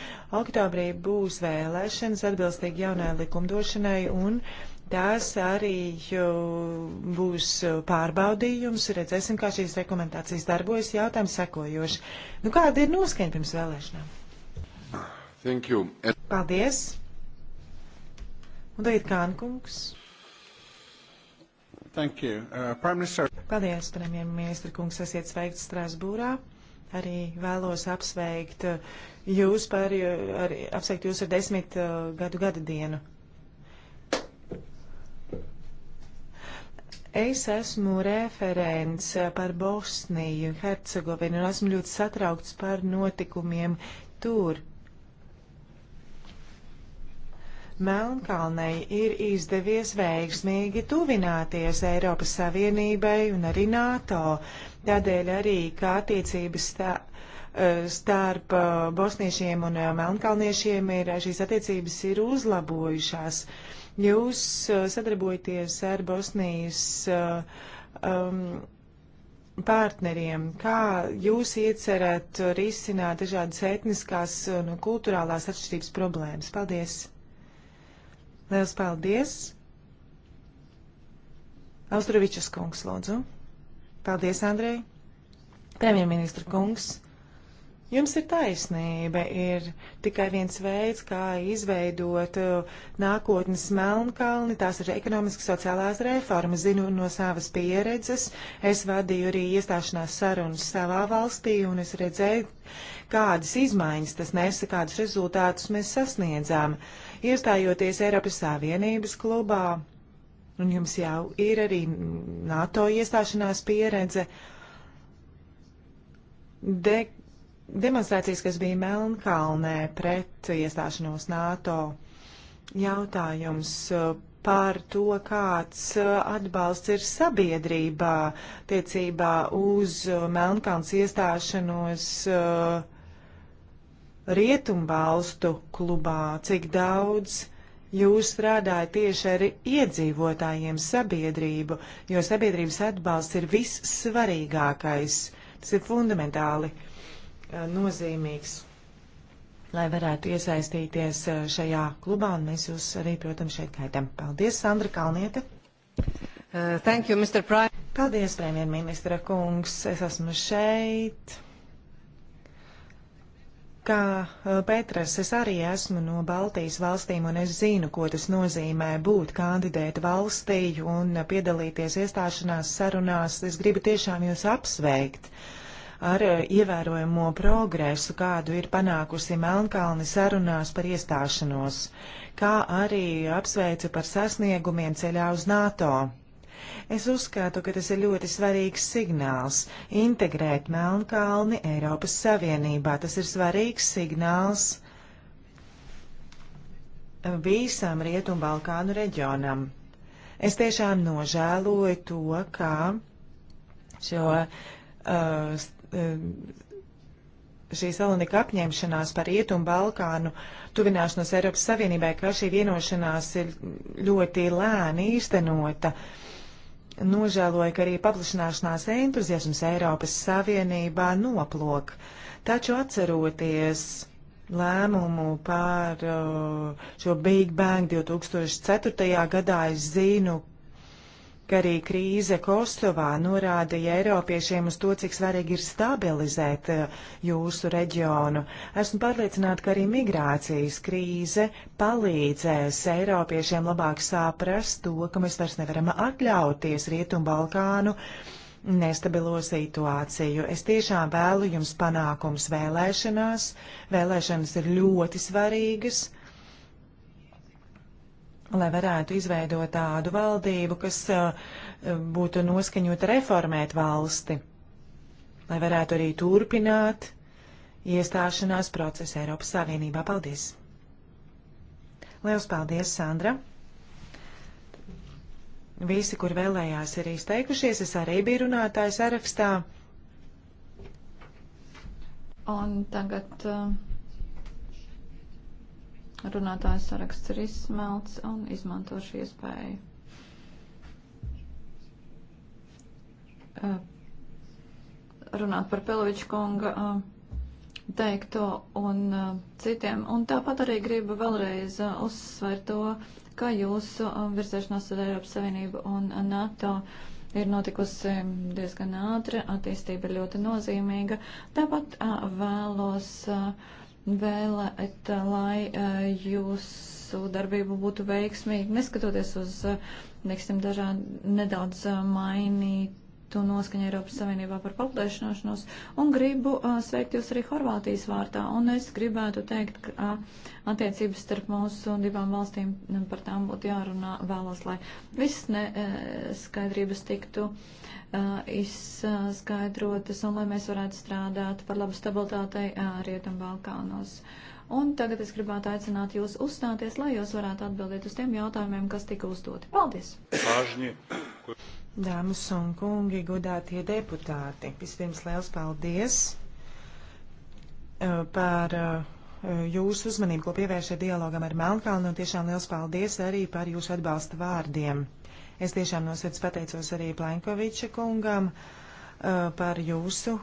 Oktobrī būs vēlēšanas atbilstīgi jaunai likumdošanai un uh, Tas arī būs e, pārbaudījums, redzēsim, kā šīs rekomendācijas darbojas. Jautājums sekojoši. Nu, kāda ir noskaņa pirms vēlēšanām? Thank you. Paldies. Un tagad Kānkungs. Thank you. Uh, Prime Minister. Paldies, premjerministra kungs, esiet sveikts Strasbūrā. Arī vēlos apsveikt e, jūs par, e, ar, apsveikt jūs ar desmit uh, gadu gada dienu. Es esmu referents par Bosniju, Hercegovinu, un esmu ļoti satraukts par notikumiem tur. Melnkalnei ir izdevies veiksmīgi tuvināties Eiropas Savienībai un arī NATO. Tādēļ arī, kā attiecības tā eh, starp eh, bosniešiem un eh, melnkalniešiem ir šīs attiecības ir uzlabojušās. Jūs uh, sadarbojaties ar Bosnijas uh, um, partneriem. Kā jūs iecerat risināt dažādas etniskās un uh, no nu, kultūrālās atšķirības problēmas? Paldies! Liels paldies! Austrovičas kungs, lūdzu. Paldies, Andrei! Premjerministra kungs! Jums ir taisnība, ir tikai viens veids, kā izveidot uh, nākotnes melnkalni, tās ir ekonomiskas sociālās reformas. Zinu no savas pieredzes, es vadīju arī iestāšanās sarunas savā valstī, un es redzēju, kādas izmaiņas tas nesa, kādus rezultātus mēs sasniedzām, iestājoties Eiropas Savienības klubā, un jums jau ir arī NATO iestāšanās pieredze. Dek demonstrācijas, kas bija Melnkalnē pret iestāšanos NATO. Jautājums uh, par to, kāds uh, atbalsts ir sabiedrībā tiecībā uz uh, Melnkalns iestāšanos Rietumvalstu klubā, cik daudz jūs strādājat tieši ar iedzīvotājiem sabiedrību, jo sabiedrības atbalsts ir vissvarīgākais. Tas ir fundamentāli. Uh, Eh, nozīmīgs, lai varētu iesaistīties eh, šajā klubā, un mēs jūs arī, protams, šeit gaidām. Paldies, Sandra Kalniete! Uh, thank you, Mr. Prime. Paldies, premjerministra kungs, es esmu šeit. Kā Petras, es arī esmu no Baltijas valstīm, un es zinu, ko tas nozīmē būt kandidēta valstī un piedalīties iestāšanās sarunās. Es gribu tiešām jūs apsveikt. Uh, ar eh, ievērojamo progresu, kādu ir panākusi Melnkalni sarunās par iestāšanos, kā arī apsveicu par sasniegumiem ceļā uz NATO. Es uzskatu, ka tas ir ļoti svarīgs signāls integrēt Melnkalni Eiropas Savienībā. Tas ir svarīgs signāls visam Rietumbalkānu reģionam. Es tiešām nožēloju to, ka šo uh, Um, šī Salonika apņemšanās par Rietumu Balkānu tuvināšanos Eiropas Savienībai, ka šī vienošanās ir ļoti lēni īstenota. Nožēloju, ka arī paplašanāšanās entuziasms Eiropas Savienībā noplok. Taču atceroties lēmumu par uh, šo Big Bang 2004. gadā, es zinu, ka arī krīze Kosovā norādīja Eiropiešiem uz to, cik svarīgi ir stabilizēt eh, jūsu reģionu. Esmu pārliecināta, ka arī migrācijas krīze palīdzēs Eiropiešiem labāk saprast to, ka mēs vairs nevaram atļauties Rietumbalkānu nestabilo situāciju. Es tiešām vēlu jums panākums vēlēšanās. Vēlēšanas ir ļoti svarīgas lai varētu izveidot tādu valdību, kas uh, būtu noskaņota reformēt valsti, lai varētu arī turpināt iestāšanās procesu Eiropas Savienībā. Paldies! Liels paldies, Sandra! Visi, kur vēlējās, ir izteikušies. Es arī biju runātājs sarakstā. Un tagad. Uh... Runātājs saraksts ir izsmelts un izmanto šī iespēja. Eh, runāt par Pelviča kunga eh, teikto un eh, citiem. Un tāpat arī gribu vēlreiz uzsvērt to, ka jūsu virzēšanās uz Eiropas Savienību un NATO ir notikusi diezgan ātri, attīstība ir ļoti nozīmīga. Tāpat vēlos. Uh, vēlēt, lai eh, jūsu darbība būtu veiksmīga, neskatoties uz, eh, teiksim, dažādi nedaudz eh, mainīt tu noskaņa Eiropas Savienībā par paplašināšanos, un gribu uh, sveikt jūs arī Horvātijas vārtā, un es gribētu teikt, ka uh, attiecības starp mūsu divām valstīm nu, par tām būtu jārunā vēlos, lai visas neskaidrības uh, tiktu uh, izskaidrotas, un lai mēs varētu strādāt par labu stabilitātei uh, Rietumbalkānos. Un tagad es gribētu aicināt jūs uzstāties, lai jūs varētu atbildēt uz tiem jautājumiem, kas tika uzdoti. Paldies! Pāžņi. Dāmas un kungi, godātie deputāti, vispirms liels paldies eh, par eh, jūsu uzmanību, ko pievēršat dialogam ar Melnkalnu, un tiešām liels paldies arī par jūsu atbalsta vārdiem. Es tiešām no sirds pateicos arī Plankoviča kungam eh, par jūsu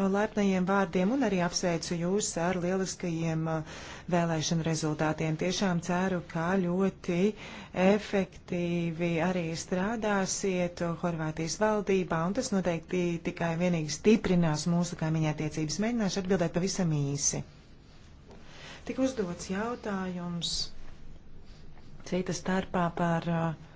Uh, laipnajiem vārdiem un arī apsveicu jūs ar lieliskajiem uh, vēlēšanu rezultātiem. Tiešām ceru, ka ļoti efektīvi arī strādāsiet Horvātijas valdībā, un tas noteikti tikai vienīgi stiprinās mūsu kaimiņā tiecības. Mēģināšu atbildēt pavisam īsi. Tik uzdots jautājums cita starpā par uh,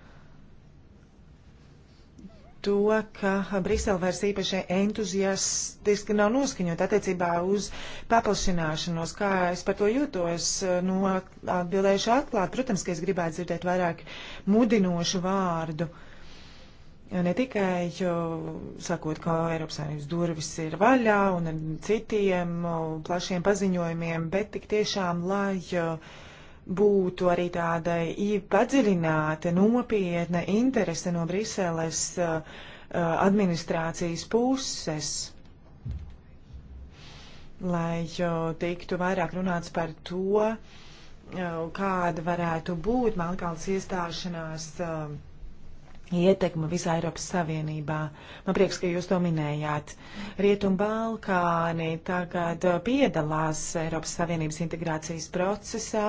to, ka Brisele vairs īpaši entuziastiski nav noskaņot attiecībā uz paplašināšanos, kā es par to jūtos, no atbildējuši atklāt. Protams, ka es gribētu dzirdēt vairāk mudinošu vārdu. Ne tikai sakot, ka Eiropas Savienības durvis ir vaļā un citiem plašiem paziņojumiem, bet tik tiešām, lai uh, būtu arī tāda padziļināta, nopietna interese no Briseles administrācijas puses, lai tiktu vairāk runāts par to, kāda varētu būt Melnkalnes iestāšanās uh, ietekme visā Eiropas Savienībā. Man prieks, ka jūs to minējāt. Rietum Balkāni tagad uh, piedalās Eiropas Savienības integrācijas procesā,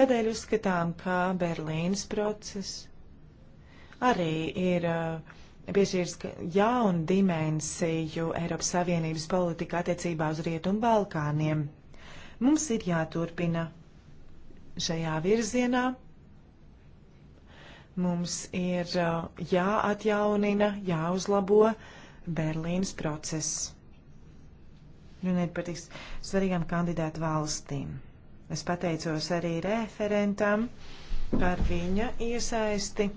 tādēļ uzskatām, ka Berlīnas process arī ir uh, piešķīrs jaunu dimensiju Eiropas Savienības politika attiecībā uz Rietum Balkāniem. Mums ir jāturpina šajā virzienā Mums ir uh, jāatjaunina, jāuzlabo Berlīnas process. Runājot nu, par tik svarīgām kandidātu valstīm. Es pateicos arī referentam par viņa iesaisti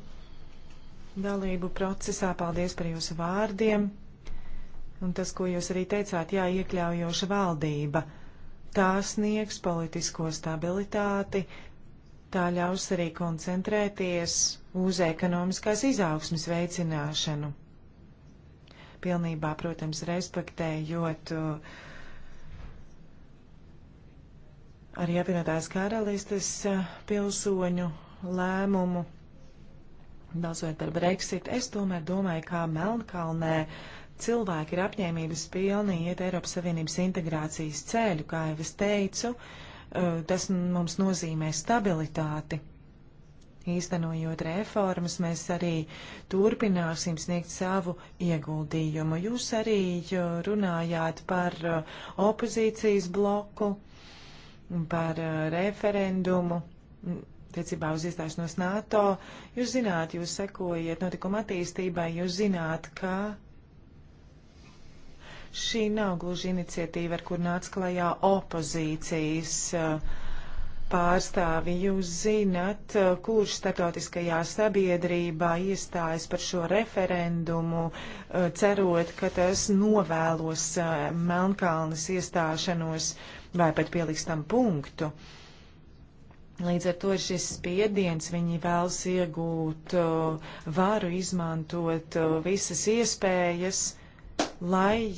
dalību procesā. Paldies par jūsu vārdiem. Un tas, ko jūs arī teicāt, jā, iekļaujoša valdība. Tā sniegs politisko stabilitāti, Tā ļaus arī koncentrēties uz ekonomiskās izaugsmas veicināšanu. Pilnībā, protams, respektējot uh, arī apvienotās karalistes uh, pilsoņu lēmumu balsojot par Brexit. Es tomēr domāju, kā Melnkalnē cilvēki ir apņēmības pilni iet Eiropas Savienības integrācijas ceļu, kā jau es teicu. Uh, Eh, tas mums nozīmē stabilitāti. Īstenojot reformas, mēs arī turpināsim sniegt savu ieguldījumu. Jūs arī eh, runājāt par eh, opozīcijas bloku, par referendumu, tiecībā uz iestāšanos NATO. Jūs zināt, jūs sekojat notikuma attīstībai, jūs zināt, ka Šī nav gluži iniciatīva, ar kur nāca klajā opozīcijas eh, pārstāvi. Jūs zinat, eh, kurš statotiskajā sabiedrībā iestājas par šo referendumu, eh, cerot, ka tas novēlos Melnkalnes iestāšanos vai pat pieliks tam punktu. Līdz ar to ir šis spiediens, viņi vēlas iegūt varu, izmantot visas iespējas, lai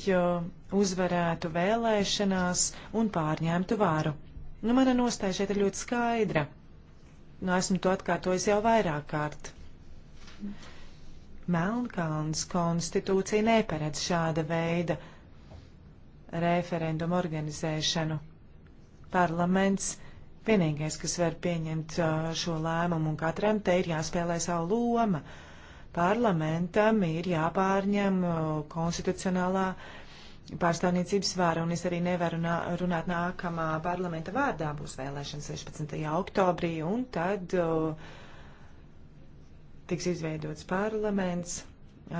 uzvarētu vēlēšanās un pārņemtu vāru. Nu, mana nostāja šeit ir ļoti skaidra. Nu, esmu to atkārtojis jau vairāk kārt. Melnkalns konstitūcija neparedz šāda veida referendumu organizēšanu. Parlaments vienīgais, kas var pieņemt uh, šo lēmumu, un katram te ir jāspēlē savu lomu parlamentam ir jāpārņem uh, konstitucionālā pārstāvniecības vāra, un es arī nevaru nā, runāt nākamā parlamenta vārdā, būs vēlēšana 16. oktobrī, un tad uh, tiks izveidots parlaments.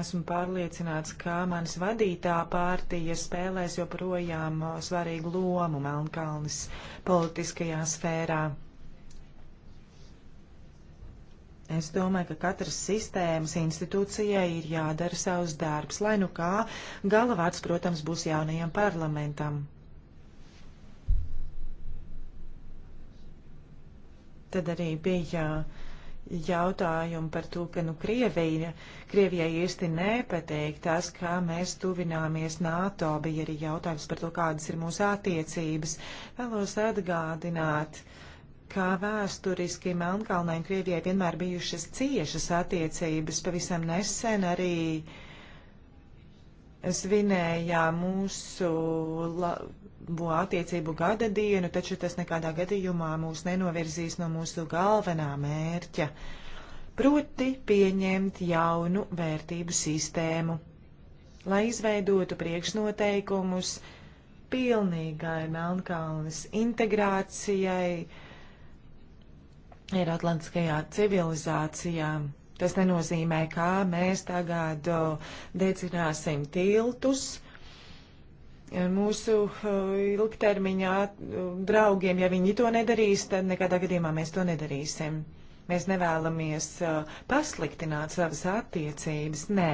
Esmu pārliecināts, ka manas vadītā pārtija spēlēs joprojām uh, svarīgu lomu Melnkalnes politiskajā sfērā. Es domāju, ka katras sistēmas institūcijai ir jādara savs darbs, lai nu kā galavārds, protams, būs jaunajam parlamentam. Tad arī bija uh, jautājumi par to, ka nu, Krievija, Krievijai īsti nepatīk tas, kā mēs tuvināmies NATO. Bija arī jautājums par to, kādas ir mūsu attiecības. Vēlos atgādināt. Uh, kā vēsturiski Melnkalnai un Krievijai vienmēr bijušas ciešas attiecības. Pavisam nesen arī svinējām mūsu labo attiecību gada dienu, taču tas nekādā gadījumā mūs nenovirzīs no mūsu galvenā mērķa proti pieņemt jaunu vērtību sistēmu, lai izveidotu priekšnoteikumus pilnīgai Melnkalnes integrācijai, ir atlantiskajā civilizācijā. Tas nenozīmē, kā mēs tagad decināsim tiltus mūsu ilgtermiņā draugiem. Ja viņi to nedarīs, tad nekādā gadījumā mēs to nedarīsim. Mēs nevēlamies pasliktināt savas attiecības. Nē,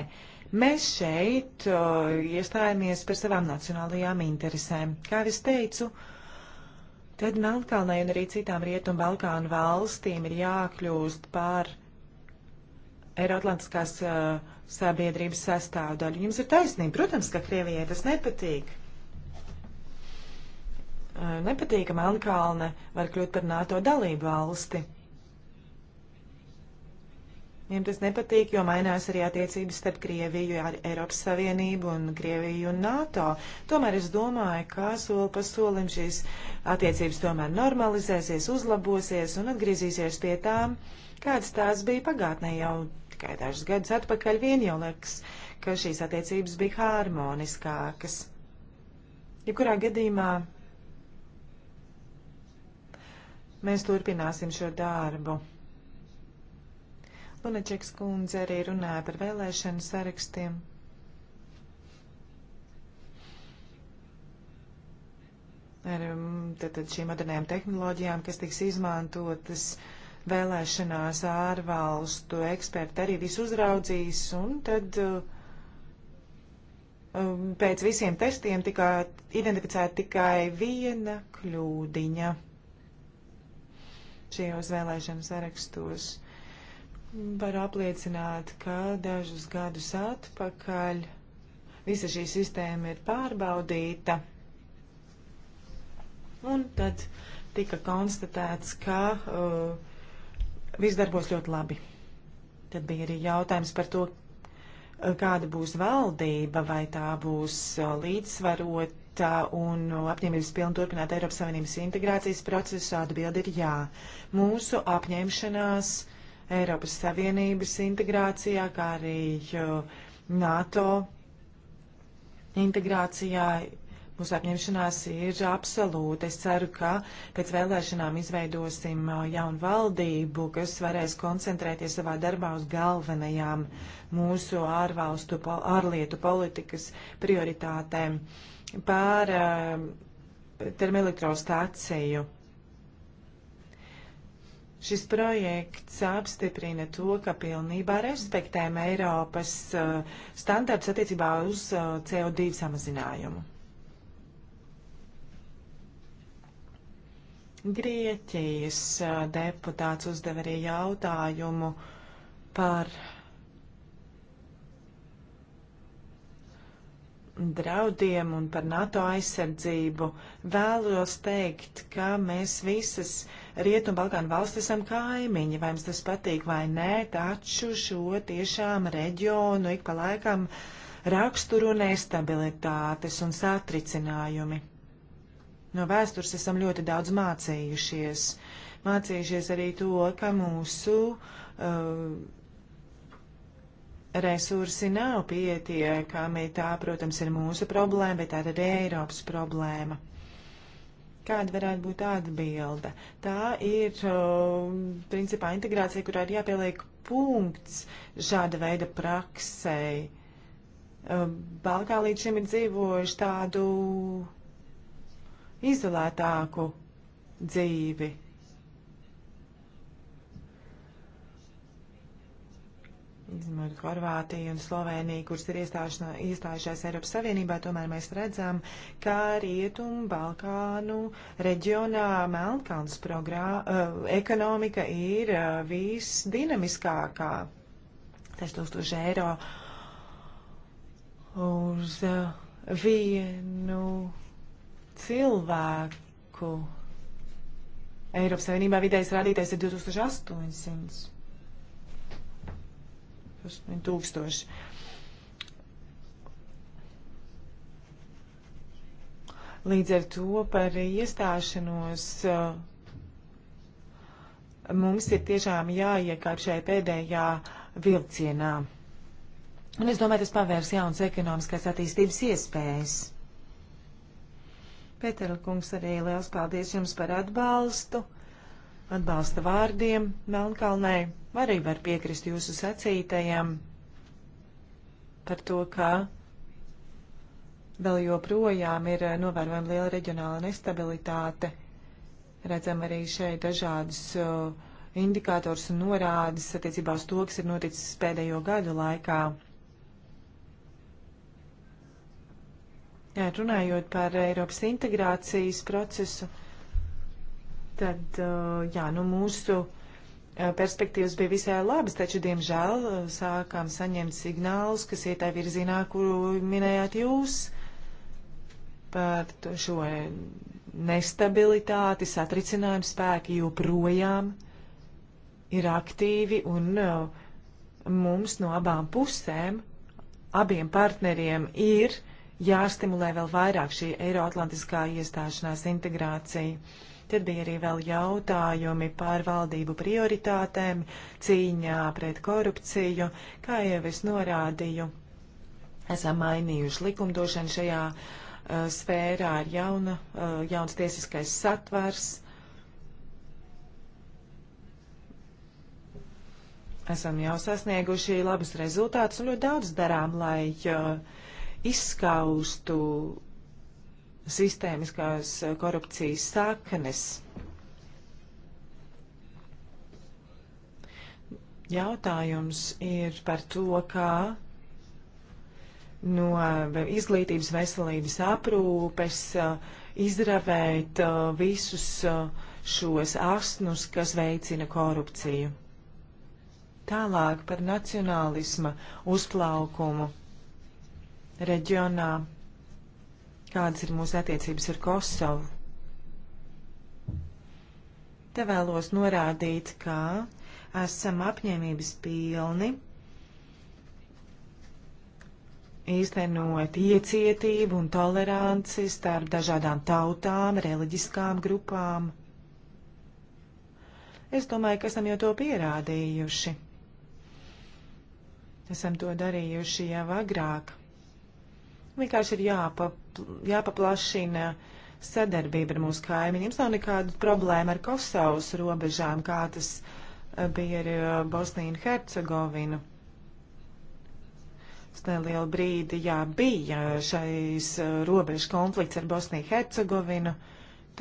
mēs šeit iestājāmies par savām nacionālajām interesēm. Kā es teicu, uh, Tad Melnkalnai un arī citām Rietumu Balkānu valstīm ir jākļūst par Eiroatlantiskās uh, sabiedrības sastāvdaļu. Jums ir taisnība, protams, ka Krievijai tas nepatīk. Uh, nepatīka Melnkalne var kļūt par NATO dalību valsti. Viņiem tas nepatīk, jo mainās arī attiecības starp Krieviju, Eiropas Savienību un Krieviju un NATO. Tomēr es domāju, ka soli pa solim šīs attiecības tomēr normalizēsies, uzlabosies un atgriezīsies pie tām, kādas tās bija pagātnē jau tikai dažus gadus atpakaļ. Vien jau liekas, ka šīs attiecības bija harmoniskākas. Jebkurā ja gadījumā mēs turpināsim šo darbu. Baličiks kundze arī runāja par vēlēšanu sarakstiem. Ar tātad um, šīm modernajām tehnoloģijām, kas tiks izmantotas vēlēšanās ārvalstu eksperti arī visu uzraudzīs un tad uh, um, pēc visiem testiem tika identificēta tikai viena kļūdiņa šajos vēlēšanu sarakstos. Var apliecināt, ka dažus gadus atpakaļ visa šī sistēma ir pārbaudīta. Un tad tika konstatēts, ka uh, viss darbos ļoti labi. Tad bija arī jautājums par to, uh, kāda būs valdība, vai tā būs uh, līdzsvarota un apņēmības pilna turpināt Eiropas Savienības integrācijas procesu. Atbildi ir jā. Mūsu apņemšanās Eiropas Savienības integrācijā, kā arī NATO integrācijā. Mūsu apņemšanās ir absolūta. Es ceru, ka pēc vēlēšanām izveidosim jaunu valdību, kas varēs koncentrēties savā darbā uz galvenajām mūsu ārvalstu, ārlietu politikas prioritātēm par termelektrostaciju. Šis projekts apstiprina to, ka pilnībā respektējam Eiropas uh, standarts attiecībā uz uh, eh, CO2 samazinājumu. Grieķijas uh, deputāts uzdev arī jautājumu par draudiem un par NATO aizsardzību. Vēlos teikt, ka mēs visas uh, Rietu un Balkānu valstis esam kaimiņi, vai mums tas patīk vai nē, taču šo tiešām reģionu ik pa laikam raksturu nestabilitātes un satricinājumi. No vēstures esam ļoti daudz mācījušies. Mācījušies arī to, ka mūsu uh, resursi nav pietiekami. Tā, protams, ir mūsu problēma, bet tā ir Eiropas problēma. Kāda varētu būt atbilde? Tā ir principā integrācija, kurā ir jāpieliek punkts šāda veida praksei. Balkā līdz šim ir dzīvojuši tādu izolētāku dzīvi. Horvātija un Slovēnija, kuras ir iestājušās Eiropas Savienībā, tomēr mēs redzam, ka Rietumu Balkānu reģionā Melnkalnas uh, eh, ekonomika ir uh, visdinamiskākā. 6000 eiro uz uh, vienu cilvēku. Eiropas Savienībā vidējais rādītais ir 2800 tūkstoši. Līdz ar to par iestāšanos uh, mums ir tiešām jāiekāp šai pēdējā vilcienā. Un es domāju, tas pavērs jaunas ekonomiskās attīstības iespējas. Pētera kungs arī liels paldies jums par atbalstu, atbalsta vārdiem Melnkalnai arī var piekrist jūsu sacītajam par to, ka vēl joprojām ir eh, novērojama liela reģionāla nestabilitāte. Redzam arī šeit dažādus eh, indikātors un norādes attiecībā uz to, kas ir noticis pēdējo gadu laikā. Jā, runājot par Eiropas integrācijas procesu, tad eh, jā, nu mūsu uh, Eh, perspektīvas bija visai labas, taču, diemžēl, eh, sākām saņemt signālus, kas iet tā virzienā, kuru minējāt jūs par šo nestabilitāti, satricinājumu spēki joprojām ir aktīvi un eh, mums no abām pusēm, abiem partneriem ir jāstimulē vēl vairāk šī Eiroatlantiskā iestāšanās integrācija. Tad bija arī vēl jautājumi par valdību prioritātēm, cīņā pret korupciju, kā jau es norādīju. Esam mainījuši likumdošanu šajā uh, sfērā ar jauna, uh, jauns tiesiskais satvars. Esam jau sasnieguši labus rezultātus un ļoti daudz darām, lai uh, izskaustu sistēmiskās eh, korupcijas saknes. Jautājums ir par to, kā no eh, izglītības, veselības aprūpes eh, izravēt visus šos asnus, kas veicina korupciju. Tālāk par nacionālisma uzplaukumu reģionā kādas ir mūsu attiecības ar Kosovu. Te vēlos norādīt, ka esam apņēmības pilni īstenot iecietību un toleranci starp dažādām tautām, reliģiskām grupām. Es domāju, ka esam jau to pierādījuši. Esam to darījuši jau agrāk. Vienkārši ir jāpa, jāpaplašina sadarbība ar mūsu kaimiņiem. Nav nekādu problēmu ar Kosovas robežām, kā tas eh, bija ar eh, Bosniju un Hercegovinu. Es nelielu brīdi, jā, bija šais eh, robežu konflikts ar Bosniju Hercegovinu,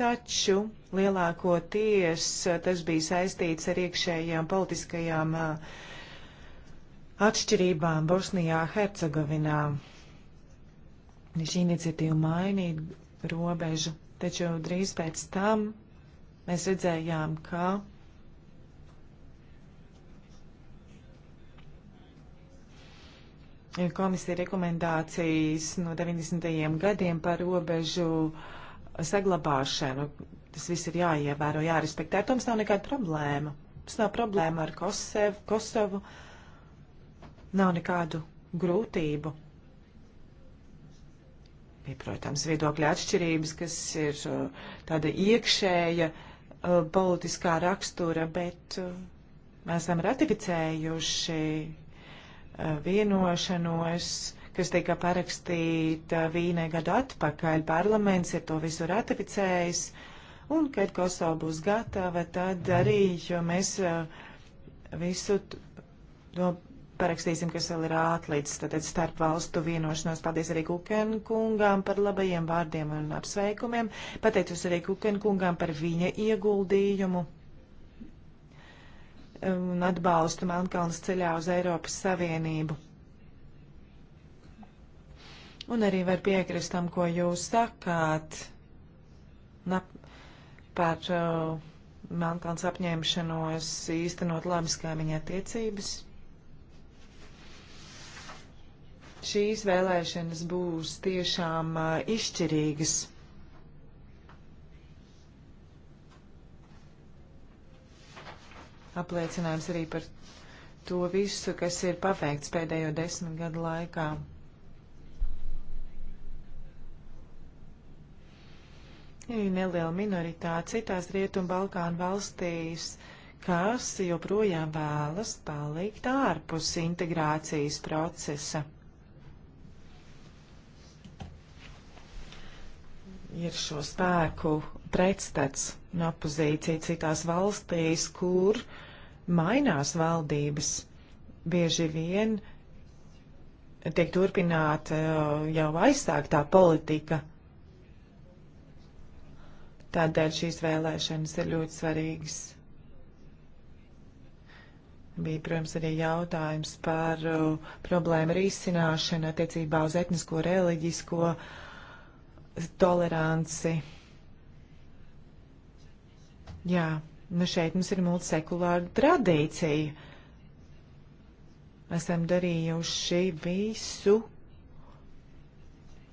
taču lielākoties tas bija saistīts ar iekšējām politiskajām atšķirībām Bosnijā Hercegovinā šī iniciatīva mainīt robežu, taču drīz pēc tam mēs redzējām, ka komisija rekomendācijas no 90. gadiem par robežu saglabāšanu. Tas viss ir jāievēro, jārespektē. Ar to mums nav nekāda problēma. Mums nav problēma ar Kosevu, Kosovu, nav nekādu grūtību. Bija, protams, viedokļa atšķirības, kas ir uh, tāda iekšēja uh, politiskā rakstura, bet uh, esam ratificējuši vienošanos kas tika parakstīta Vīnē gadu atpakaļ. Parlaments ir to visu ratificējis, un kad Kosova būs gatava, tad arī mēs visu to parakstīsim, kas vēl ir atlicis, tātad starp valstu vienošanos. Paldies arī Kuken kungām par labajiem vārdiem un apsveikumiem. Pateicos arī Kuken kungām par viņa ieguldījumu un atbalstu Melnkalnas ceļā uz Eiropas Savienību. Un arī var piekrist tam, ko jūs sakāt Na, par uh, Melnkalnas apņemšanos īstenot labas kaimiņa attiecības. šīs vēlēšanas būs tiešām izšķirīgas. Apliecinājums arī par to visu, kas ir paveikts pēdējo desmit gadu laikā. Ir neliela minoritāte citās Rietumbalkānu valstīs, kas joprojām vēlas palikt ārpus integrācijas procesa. ir šo spēku pretstats un opozīcija citās valstīs, kur mainās valdības. Bieži vien tiek turpināta uh, jau aizsāktā politika. Tādēļ šīs vēlēšanas ir ļoti svarīgas. Bija, protams, arī jautājums par uh, problēmu risināšanu attiecībā uz etnisko, reliģisko uh, toleranci. Jā, nu šeit mums ir multisekulāra tradīcija. Esam darījuši visu,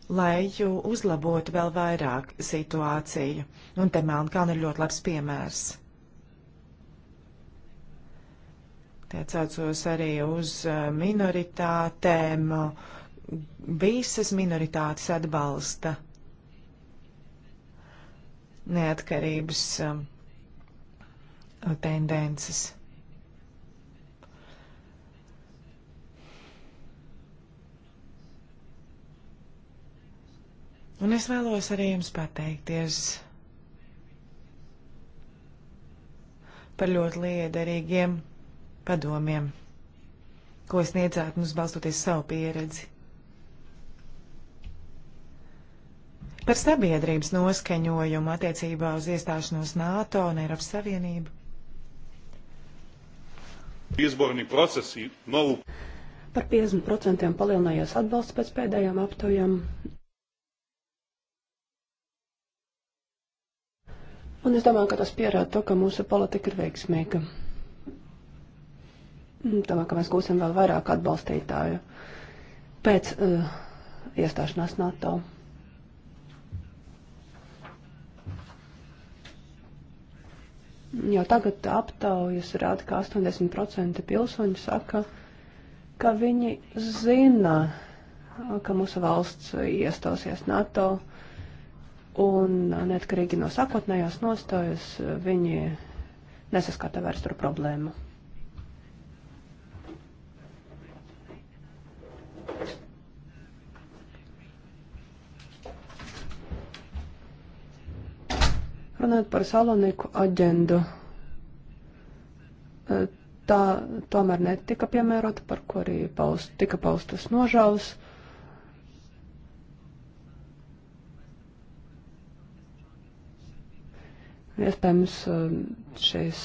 lai uzlabotu vēl vairāk situāciju. Un te Melnkalna ir ļoti labs piemērs. Te atsaucos arī uz minoritātēm. Visas minoritātes atbalsta neatkarības um, tendences. Un es vēlos arī jums pateikties par ļoti liederīgiem padomiem, ko sniedzāt mums balstoties savu pieredzi. par sabiedrības noskaņojumu attiecībā uz iestāšanos NATO un Eiropas Savienību. Izborni procesi nav. Par 50% palielinājās atbalsts pēc pēdējām aptaujām. Un es domāju, ka tas pierāda to, ka mūsu politika ir veiksmīga. Domāju, mm, ka mēs gūsim vēl vairāk atbalstītāju pēc uh, iestāšanās NATO. Jau tagad aptaujas rāda, ka 80% pilsoņu saka, ka viņi zina, ka mūsu valsts iestāsies NATO un neatkarīgi no sakotnējās nostājas viņi nesaskata vēsturu problēmu. Runājot par Saloniku aģendu, e, tā tomēr netika piemērota, par ko arī paust, tika paustas nožēlas. Iespējams, e, šis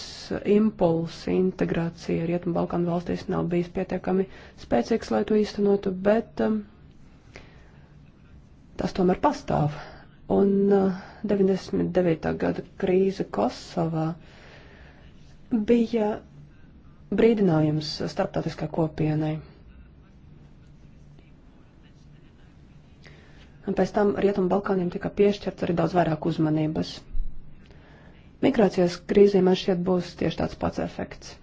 impulss integrācija Rietumu Balkānu valstīs nav bijis pietiekami spēcīgs, lai to īstenotu, bet um, tas tomēr pastāv un uh, 99. gada krīze Kosovā bija brīdinājums starptautiskai kopienai. Un pēc tam Rietumu Balkāniem tika piešķirts arī daudz vairāk uzmanības. Migrācijas krīzē man šķiet būs tieši tāds pats efekts.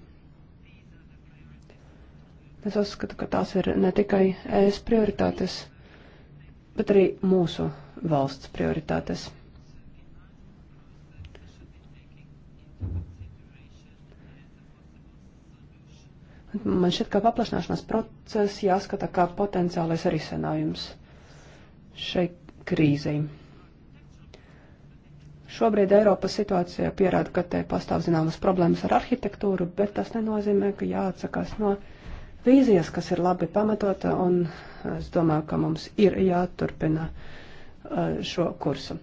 Es uzskatu, ka tās ir ne tikai ES prioritātes bet arī mūsu valsts prioritātes. Man šķiet, ka paplašināšanās process jāskata kā potenciālais risinājums šai krīzei. Šobrīd Eiropas situācija pierāda, ka te pastāv zināmas problēmas ar arhitektūru, bet tas nenozīmē, ka jāatsakās no. Uh, vīzijas, kas ir labi pamatota, un es domāju, ka mums ir jāturpina uh, šo kursu.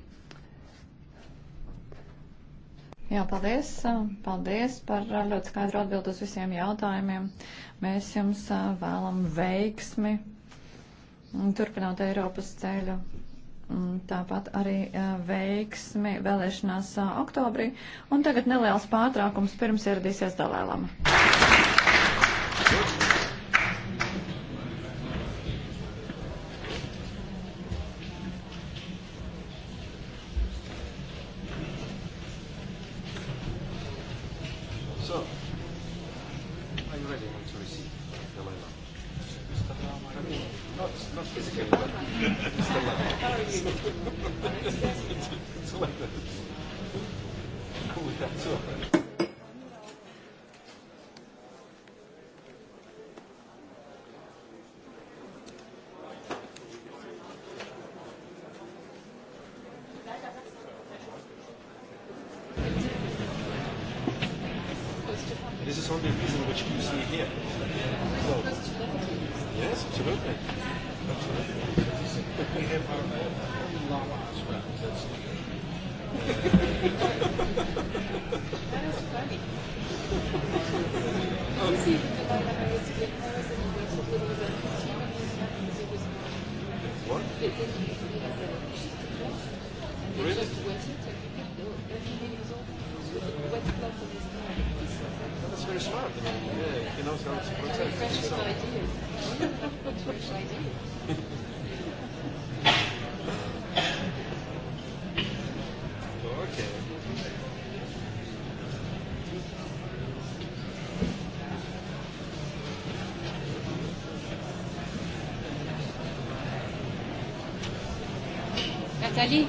Jā, paldies. Paldies par uh, ļoti skaidru atbildu uz visiem jautājumiem. Mēs jums uh, vēlam veiksmi turpinot Eiropas ceļu. Tāpat arī veiksmi vēlēšanās oktobrī. Un tagad neliels pārtraukums pirms ieradīsies Dalēlama. Italie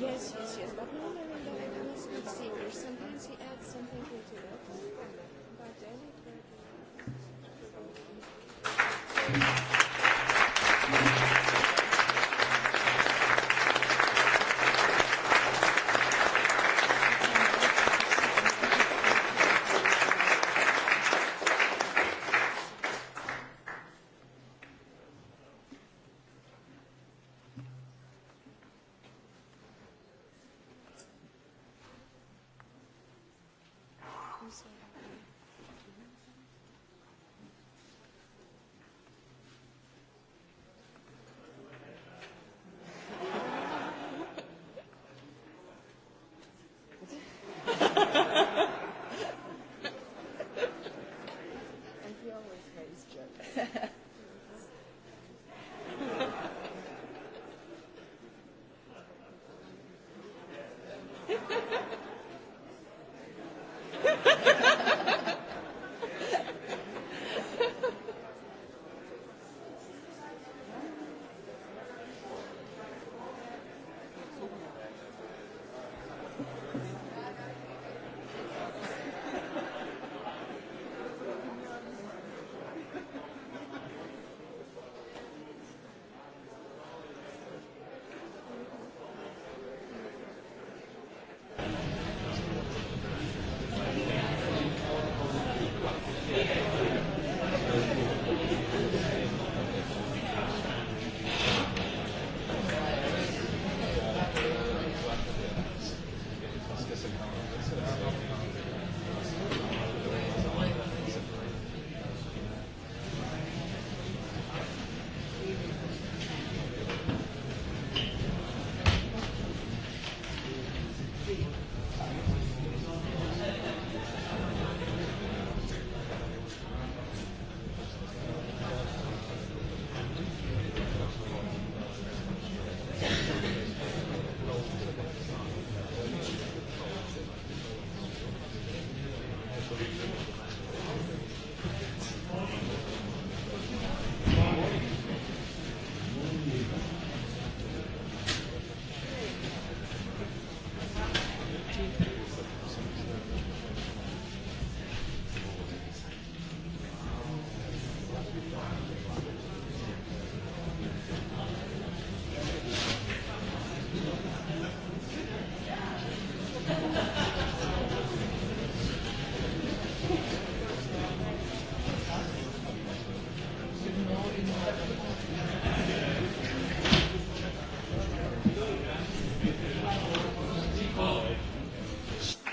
Yes, yes, yes. But normally the senior sometimes he adds something into that, but then it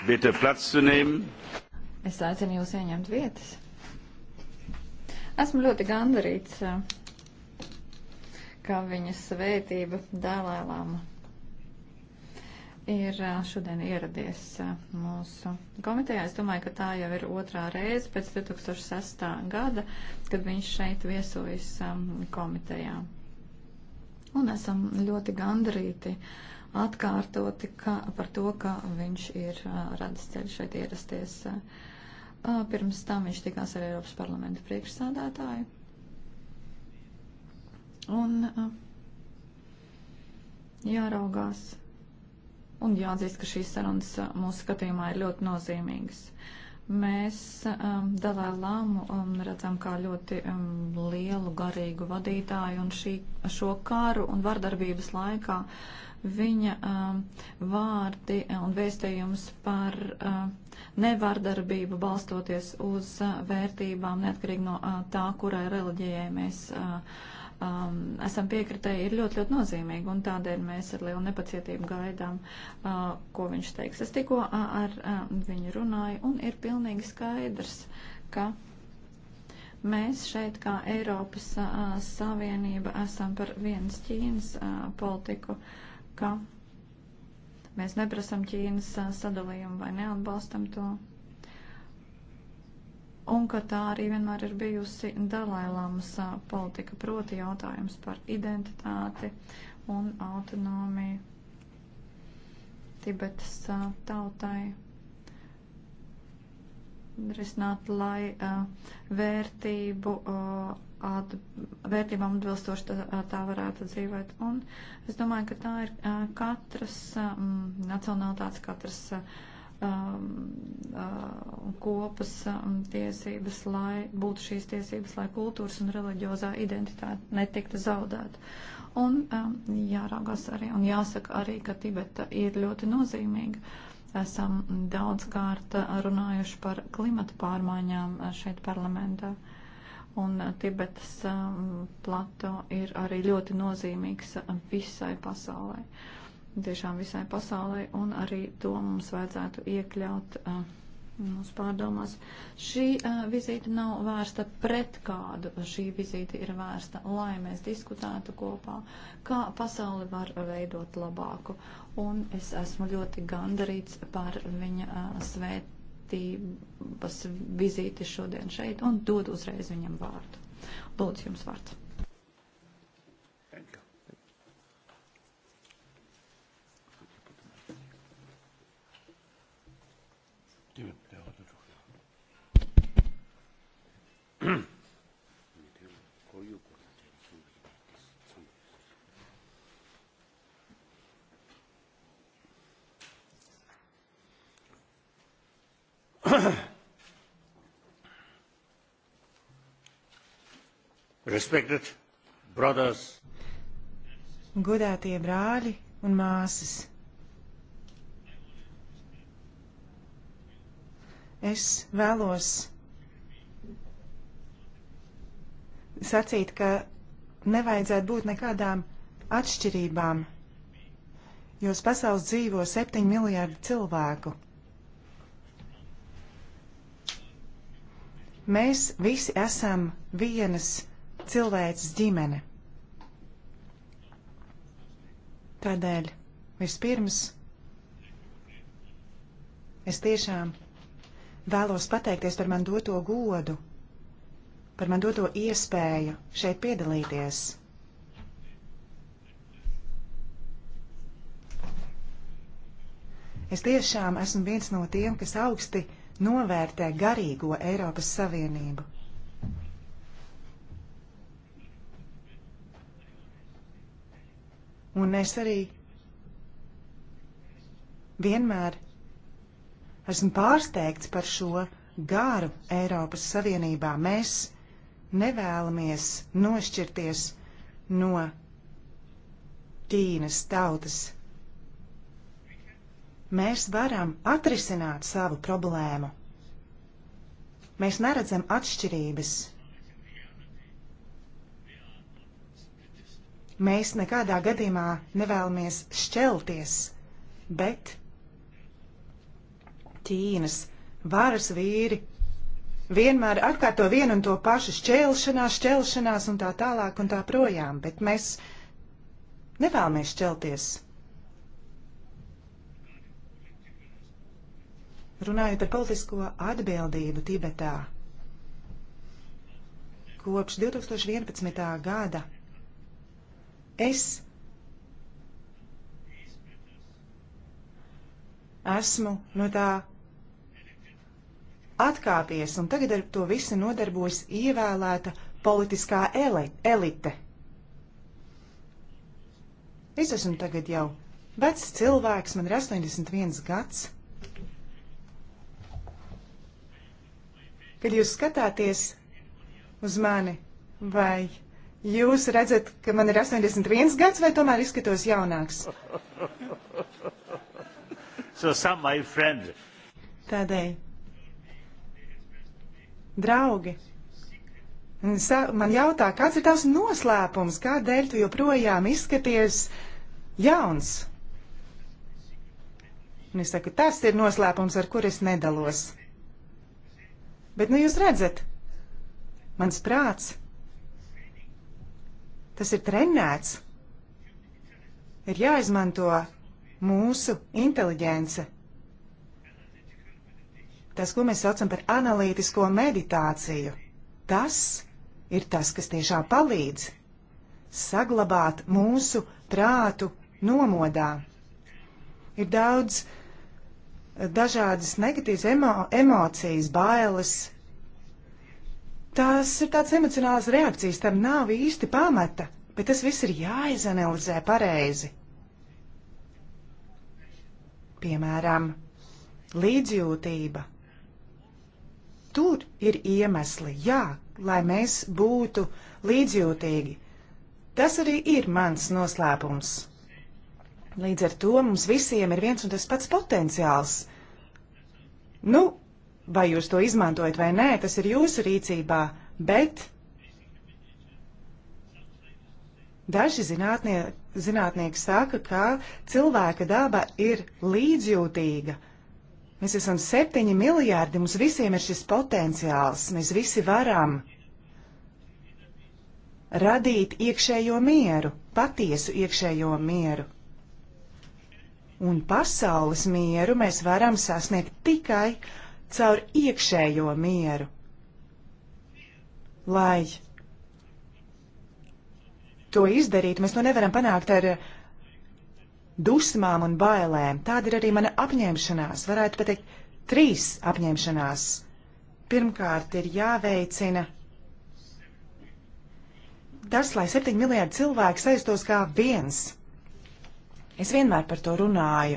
Bitte Platz zu nehmen. Es aicinu jūs ieņemt vietas. Esmu ļoti gandarīts, eh, ka viņas svētība Dēlēlāma ir eh, šodien ieradies eh, mūsu komitejā. Es domāju, ka tā jau ir otrā reize pēc 2006. gada, kad viņš šeit viesojas komitejā. Un esam ļoti gandarīti atkārtoti ka, par to, ka viņš ir radis ceļu šeit ierasties. Pirms tam viņš tikās ar Eiropas parlamenta priekšsādātāju. Un jāraugās un jāatzīst, ka šīs sarunas mūsu skatījumā ir ļoti nozīmīgas. Mēs um, Dalai Lāmu um, redzam kā ļoti um, lielu garīgu vadītāju un šī, šo kāru un vardarbības laikā uh, viņa um, vārdi un vēstījums par uh, nevardarbību balstoties uz uh, vērtībām, neatkarīgi no uh, tā, kurai reliģijai mēs. Uh, um, esam piekritēji, ir ļoti, ļoti nozīmīgi, un tādēļ mēs ar lielu nepacietību gaidām, uh, ko viņš teiks. Es tikko uh, ar uh, viņu runāju, un ir pilnīgi skaidrs, ka mēs šeit, kā Eiropas uh, Savienība, esam par vienas Ķīnas uh, politiku. Uh, ka mēs neprasam Ķīnas sadalījumu vai neatbalstam to. Un ka tā arī vienmēr ir bijusi Dalailāmas politika, proti jautājums par identitāti un autonomiju Tibetas tautai risināt, lai vērtību at, vērtībām atbilstoši tā, tā varētu dzīvot. Un es domāju, ka tā ir katras um, nacionālitātes, katras um, uh, kopas um, tiesības, lai būtu šīs tiesības, lai kultūras un reliģiozā identitāte netiktu zaudēta. Un um, jāraugās arī un jāsaka arī, ka Tibeta ir ļoti nozīmīga esam daudz kārt runājuši par klimata pārmaiņām šeit parlamentā. Un eh, Tibetas eh, plato ir arī ļoti nozīmīgs eh, visai pasaulē. Tiešām visai pasaulē, un arī to mums vajadzētu iekļaut mūsu pārdomās. Šī uh, vizīte nav vērsta pret kādu, šī vizīte ir vērsta, lai mēs diskutētu kopā, kā pasauli var veidot labāku. Un es esmu ļoti gandarīts par viņa uh, svēt, izglītības vizīti šodien šeit un dod uzreiz viņam vārdu. Lūdzu, jums vārds. Mm-hmm. (coughs) Respected brothers. Godātie brāļi un māsas. Es vēlos sacīt, ka nevajadzētu būt nekādām atšķirībām, jo uz pasaules dzīvo 7 miljārdi cilvēku. Mēs visi esam vienas cilvēces ģimene. Tādēļ vispirms es tiešām vēlos pateikties par man doto godu, par man doto iespēju šeit piedalīties. Es tiešām esmu viens no tiem, kas augsti novērtē garīgo Eiropas Savienību. Un es arī vienmēr esmu pārsteigts par šo garu Eiropas Savienībā. Mēs nevēlamies nošķirties no Ķīnas tautas Mēs varam atrisināt savu problēmu. Mēs neredzam atšķirības. Mēs nekādā gadījumā nevēlamies šķelties, bet Ķīnas varas vīri vienmēr atkārto vienu un to pašu šķelšanās, šķelšanās un tā tālāk un tā projām, bet mēs nevēlamies šķelties. Runājot par politisko atbildību Tibetā, kopš 2011. gada es esmu no tā atkāpies, un tagad ar to visu nodarbojas ievēlēta politiskā ele, elite. Es esmu tagad jau vecs cilvēks, man ir 81 gads. Kad jūs skatāties uz mani, vai jūs redzat, ka man ir 81 gads, vai tomēr izskatos jaunāks? So some my friend. Tādēļ. Draugi. Man jautā, kāds ir tās noslēpums, kādēļ tu joprojām izskaties jauns? Un es saku, tas ir noslēpums, ar kur es nedalos. Bet nu jūs redzat, mans prāts, tas ir trenēts. Ir jāizmanto mūsu inteligence. Tas, ko mēs saucam par analītisko meditāciju, tas ir tas, kas tiešām palīdz saglabāt mūsu prātu nomodā. Ir daudz uh, dažādas negatīvas emo emocijas, bailes. Tās ir tādas emocionālas reakcijas, tam nav īsti pamata, bet tas viss ir jāizanalizē pareizi. Piemēram, līdzjūtība. Tur ir iemesli, jā, lai mēs būtu līdzjūtīgi. Tas arī ir mans noslēpums. Līdz ar to mums visiem ir viens un tas pats potenciāls. Nu, vai jūs to izmantojat vai nē, tas ir jūsu rīcībā, bet daži zinātnie, zinātnieki saka, ka cilvēka daba ir līdzjūtīga. Mēs esam septiņi miljārdi, mums visiem ir šis potenciāls, mēs visi varam radīt iekšējo mieru, patiesu iekšējo mieru un pasaules mieru mēs varam sasniegt tikai caur iekšējo mieru. Lai to izdarītu, mēs to nevaram panākt ar dusmām un bailēm. Tāda ir arī mana apņemšanās, varētu pateikt, trīs apņemšanās. Pirmkārt, ir jāveicina tas, lai septiņi miljārdi cilvēki saistos kā viens Es vienmēr par to runāju.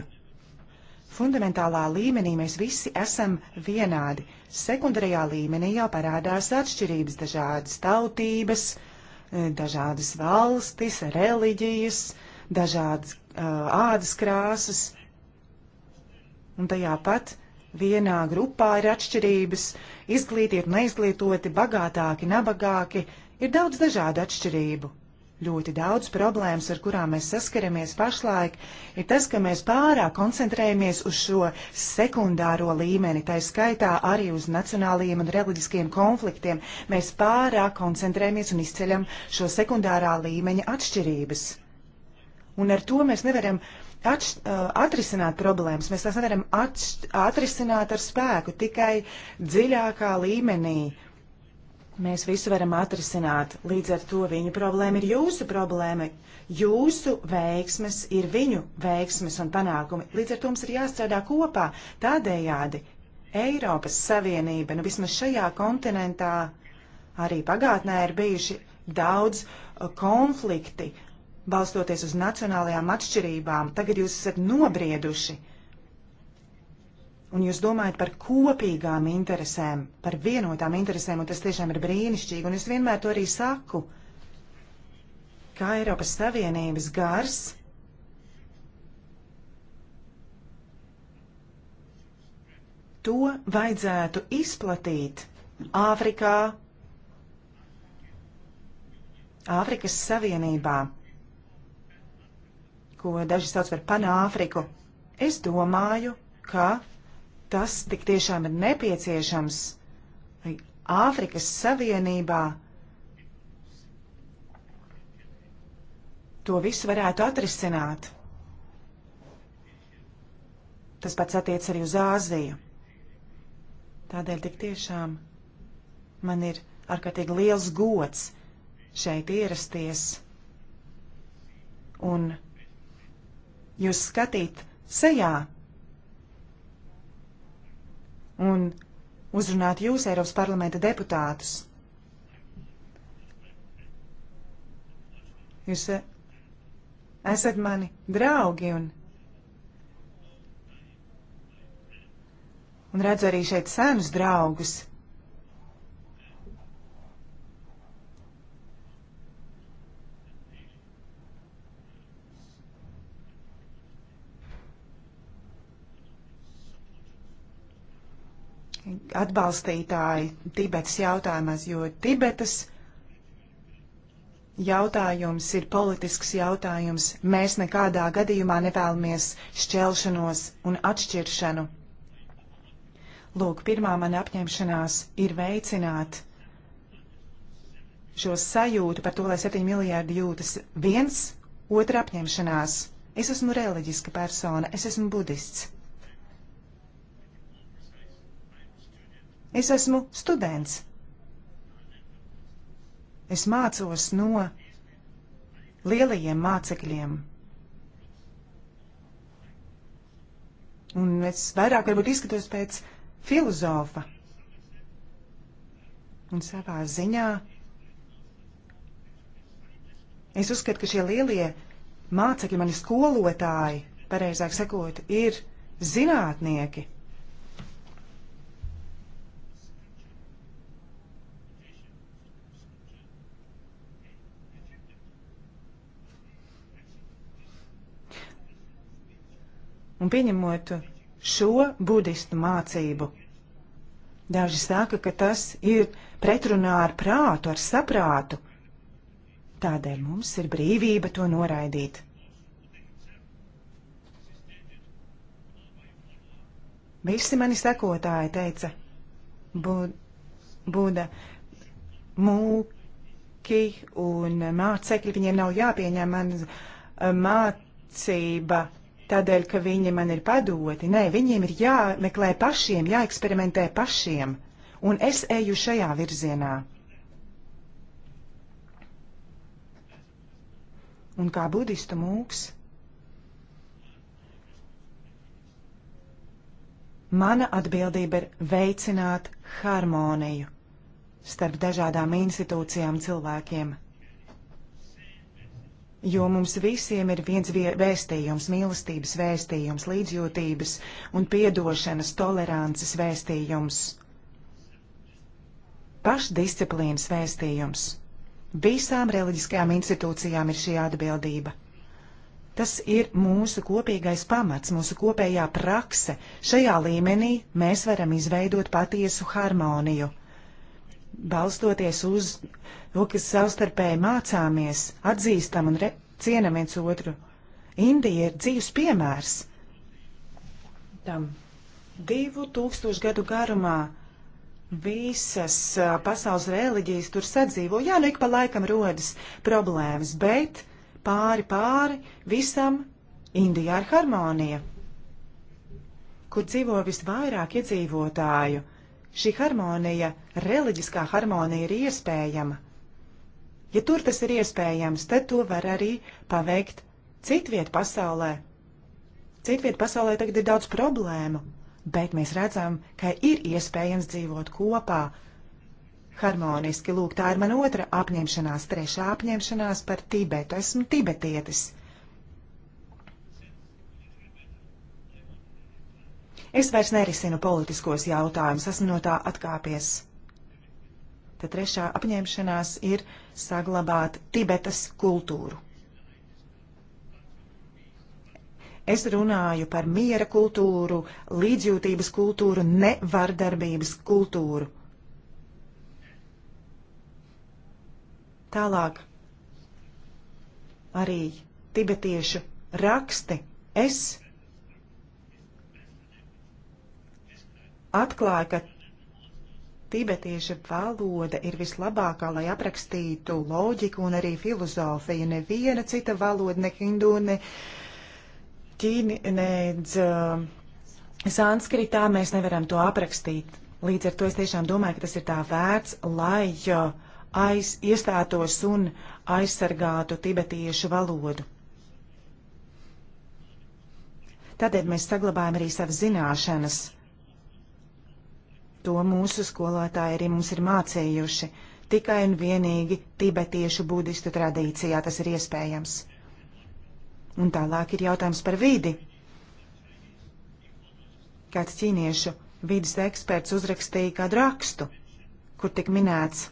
Fundamentālā līmenī mēs visi esam vienādi. Sekundārajā līmenī jau parādās atšķirības dažādas tautības, eh, dažādas valstis, reliģijas, dažādas uh, ādas krāsas. Un tajā pat vienā grupā ir atšķirības, izglītīti un neizglītoti, bagātāki, nabagāki, ir daudz dažādu atšķirību ļoti daudz problēmas, ar kurām mēs saskaramies pašlaik, ir tas, ka mēs pārāk koncentrējamies uz šo sekundāro līmeni, tā skaitā arī uz nacionālajiem un reliģiskiem konfliktiem. Mēs pārāk koncentrējamies un izceļam šo sekundārā līmeņa atšķirības. Un ar to mēs nevaram atš, uh, atrisināt problēmas, mēs tās nevaram atš, atrisināt ar spēku tikai dziļākā līmenī Mēs visu varam atrisināt. Līdz ar to viņu problēma ir jūsu problēma. Jūsu veiksmes ir viņu veiksmes un panākumi. Līdz ar to mums ir jāstrādā kopā. Tādējādi Eiropas Savienība, nu vismaz šajā kontinentā, arī pagātnē ir bijuši daudz uh, konflikti, balstoties uz nacionālajām atšķirībām. Tagad jūs esat nobrieduši un jūs domājat par kopīgām interesēm, par vienotām interesēm, un tas tiešām ir brīnišķīgi, un es vienmēr to arī saku, kā Eiropas Savienības gars. To vajadzētu izplatīt Āfrikā, Āfrikas Savienībā, ko daži sauc par Panāfriku. Es domāju, ka Tas tik tiešām ir nepieciešams, lai Āfrikas Savienībā to visu varētu atrisināt. Tas pats attiec arī uz Āziju. Tādēļ tik tiešām man ir ārkārtīgi liels gods šeit ierasties un jūs skatīt sejā un uzrunāt jūs, Eiropas parlamenta deputātus. Jūs eh, esat mani draugi un, un redzu arī šeit senus draugus. atbalstītāji Tibetas jautājumās, jo Tibetas jautājums ir politisks jautājums. Mēs nekādā gadījumā nevēlamies šķelšanos un atšķiršanu. Lūk, pirmā mana apņemšanās ir veicināt šo sajūtu par to, lai 7 miljārdi jūtas viens, otra apņemšanās. Es esmu reliģiska persona, es esmu budists. Es esmu students. Es mācos no lielajiem mācekļiem. Un es vairāk varbūt izskatos pēc filozofa. Un savā ziņā es uzskatu, ka šie lielie mācekļi, mani skolotāji, pareizāk sakot, ir zinātnieki. Un pieņemot šo budistu mācību, daži saka, ka tas ir pretrunā ar prātu, ar saprātu. Tādēļ mums ir brīvība to noraidīt. Visi mani sekotāji teica, Buda, mūki un mācekļi, viņiem nav jāpieņem man eh, mācība, tādēļ, ka viņi man ir padoti. Nē, viņiem ir jāmeklē pašiem, jāeksperimentē pašiem. Un es eju šajā virzienā. Un kā budistu mūks, mana atbildība ir veicināt harmoniju starp dažādām institūcijām cilvēkiem jo mums visiem ir viens vēstījums, mīlestības vēstījums, līdzjūtības un piedošanas tolerances vēstījums, pašdisciplīnas vēstījums. Visām reliģiskajām institūcijām ir šī atbildība. Tas ir mūsu kopīgais pamats, mūsu kopējā prakse. Šajā līmenī mēs varam izveidot patiesu harmoniju balstoties uz to, kas savstarpēji mācāmies, atzīstam un cienam viens otru. Indija ir dzīves piemērs tam. Divu tūkstošu gadu garumā visas pasaules reliģijas tur sadzīvo. Jā, nu ik pa laikam rodas problēmas, bet pāri pāri visam Indijā ir harmonija, kur dzīvo visvairāk iedzīvotāju. Ja šī harmonija, reliģiskā harmonija ir iespējama. Ja tur tas ir iespējams, tad to var arī paveikt citviet pasaulē. Citviet pasaulē tagad ir daudz problēmu, bet mēs redzam, ka ir iespējams dzīvot kopā. Harmoniski, lūk, tā ir man otra apņemšanās, trešā apņemšanās par Tibetu. Esmu tibetietis. Es vairs nerisinu politiskos jautājumus, esmu no tā atkāpies. Tad trešā apņemšanās ir saglabāt Tibetas kultūru. Es runāju par miera kultūru, līdzjūtības kultūru, nevardarbības kultūru. Tālāk arī tibetiešu raksti. Es atklāja, ka tibetieša valoda ir vislabākā, lai aprakstītu loģiku un arī filozofiju. Neviena cita valoda, ne hindu, ne ķīni, ne uh, sanskritā mēs nevaram to aprakstīt. Līdz ar to es tiešām domāju, ka tas ir tā vērts, lai uh, aiz, iestātos un aizsargātu tibetiešu valodu. Tādēļ mēs saglabājam arī savas zināšanas to mūsu skolotāji arī mums ir mācījuši. Tikai un vienīgi tibetiešu budistu tradīcijā tas ir iespējams. Un tālāk ir jautājums par vidi. Kāds ķīniešu vidas eksperts uzrakstīja kādu rakstu, kur tik minēts.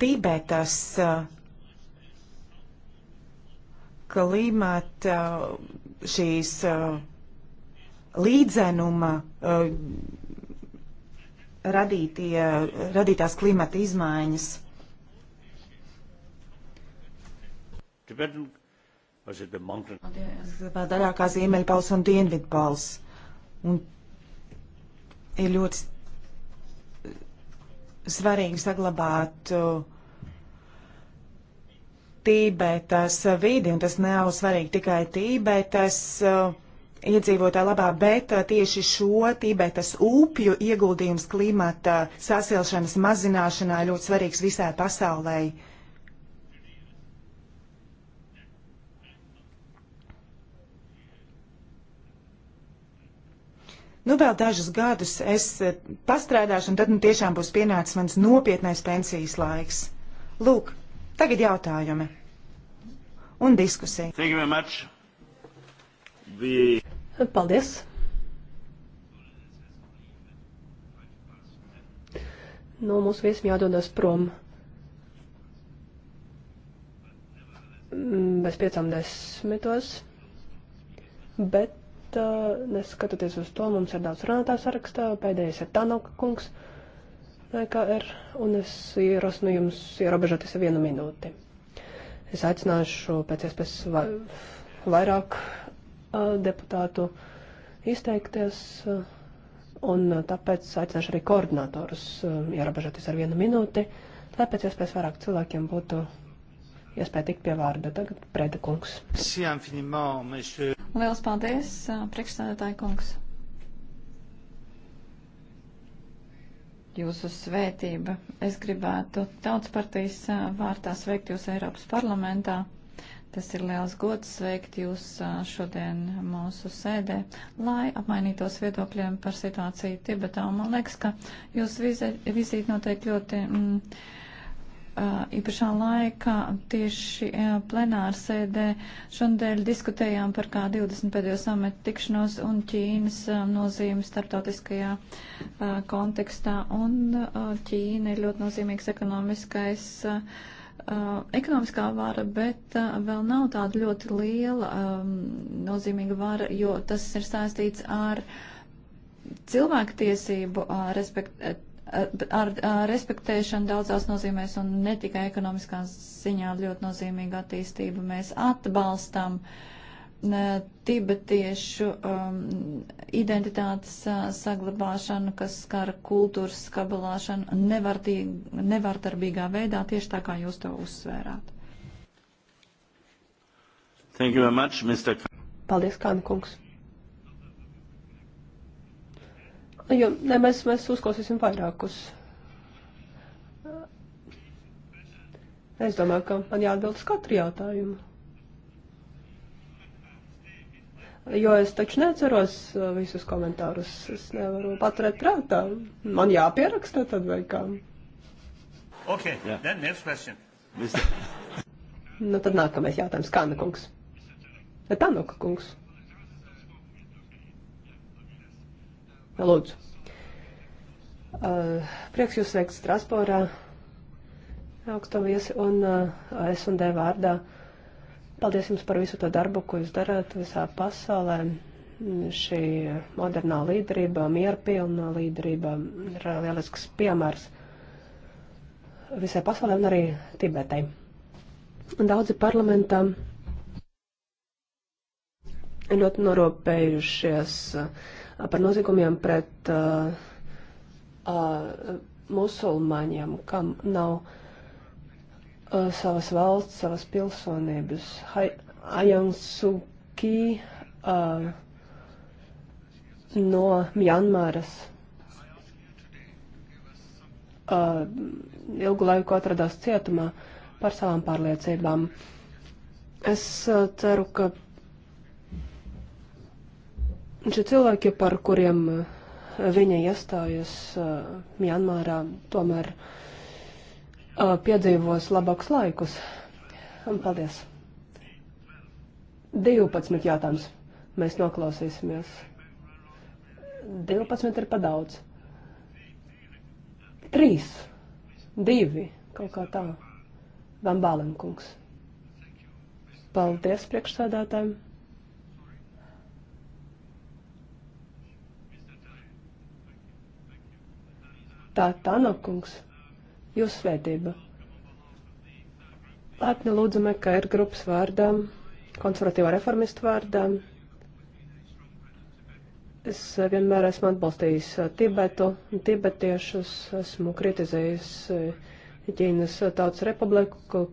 Tibetas uh, klimata uh, šīs uh, līdzenuma uh, radītie, radītās klimata izmaiņas. Vairāk kā Ziemeļpals un Dienvidpals. Un ir ļoti svarīgi saglabāt uh, Tībetas vidi, un tas nav svarīgi tikai Tībetas uh, iedzīvotāju labā, bet uh, tieši šo Tībetas upju ieguldījums klimata sasilšanas mazināšanā ļoti svarīgs visai pasaulē. Nu, vēl dažus gadus es uh, pastrādāšu, un tad nu, tiešām būs pienācis mans nopietnais pensijas laiks. Lūk, Tagad jautājumi un diskusija. The... Paldies! Nu, mūsu viesim jādodas prom. Mm, bez piecām desmitos. Bet uh, neskatoties uz to, mums ir daudz runātā sarakstā. Pēdējais ir Tanoka kungs. Uh, EKR, un es ierosinu jums ierobežoties vienu minūti. Es aicināšu pēc iespējas va vairāk uh, deputātu izteikties, uh, un tāpēc aicināšu arī koordinatorus uh, ierobežoties ar vienu minūti, lai pēc iespējas vairāk cilvēkiem būtu iespēja tikt pie vārda. Tagad Preda kungs. Liels paldies, priekšstādātāji kungs. jūsu svētība. Es gribētu tautas partijas vārtā sveikt jūs Eiropas parlamentā. Tas ir liels gods sveikt jūs šodien mūsu sēdē, lai apmainītos viedokļiem par situāciju Tibetā. Un man liekas, ka jūs vizīti noteikti ļoti. Mm, Uh, īpašā laikā tieši uh, plenāra sēdē šodien diskutējām par kā 20 pēdējo sametu tikšanos un Ķīnas uh, nozīmi starptautiskajā kontekstā. Un Ķīna ir ļoti nozīmīgs ekonomiskais. Ekonomiskā vara, bet vēl nav tāda ļoti liela um, nozīmīga vara, jo tas ir saistīts ar cilvēktiesību uh, respektu ar, ar respektēšanu daudzās nozīmēs un ne tikai ekonomiskā ziņā ļoti nozīmīga attīstība. Mēs atbalstam tibetiešu um, identitātes uh, saglabāšanu, kas skar kultūras skabalāšanu nevardarbīgā veidā, tieši tā kā jūs to uzsvērāt. Thank you very much, Mr. Paldies, Kāna kungs. Jo ne, mēs, mēs uzklausīsim vairākus. Es domāju, ka man jāatbild uz katru jautājumu. Jo es taču neceros uh, visus komentārus. Es nevaru paturēt prātā. Man jāpieraksta tad vai kā. Ok, yeah. then next question. nu tad nākamais jautājums. Kāna kungs? Tanuka kungs. Lūdzu. Uh, prieks jūs sveikt Strasbūrā, augsto viesi, un uh, es un D vārdā. Paldies jums par visu to darbu, ko jūs darāt visā pasaulē. Šī modernā līderība, mierpilna līderība ir lielisks piemērs visai pasaulē un arī Tibetai. Daudzi parlamentā ļoti noropējušies uh, par noziegumiem pret uh, uh, musulmaņiem, kam nav uh, savas valsts, savas pilsonības. Ajansuki uh, no Mjanmāras uh, ilgu laiku atradās cietumā par savām pārliecībām. Es uh, ceru, ka Šie cilvēki, par kuriem eh, viņa iestājas eh, Mjanmārā, tomēr eh, piedzīvos labākus laikus. Paldies! 12 jautājums mēs noklausīsimies. 12 ir padaudz. 3, 2, kaut kā tā. Van Bālenkungs. Paldies priekšsēdētājiem! tā Tanokungs, jūs svētība. Lēpni lūdzam, ka ir grupas vārdām, konservatīvo reformistu vārdām. Es vienmēr esmu atbalstījis uh, Tibetu un tibetiešus, esmu kritizējis uh, Ķīnas tautas republiku,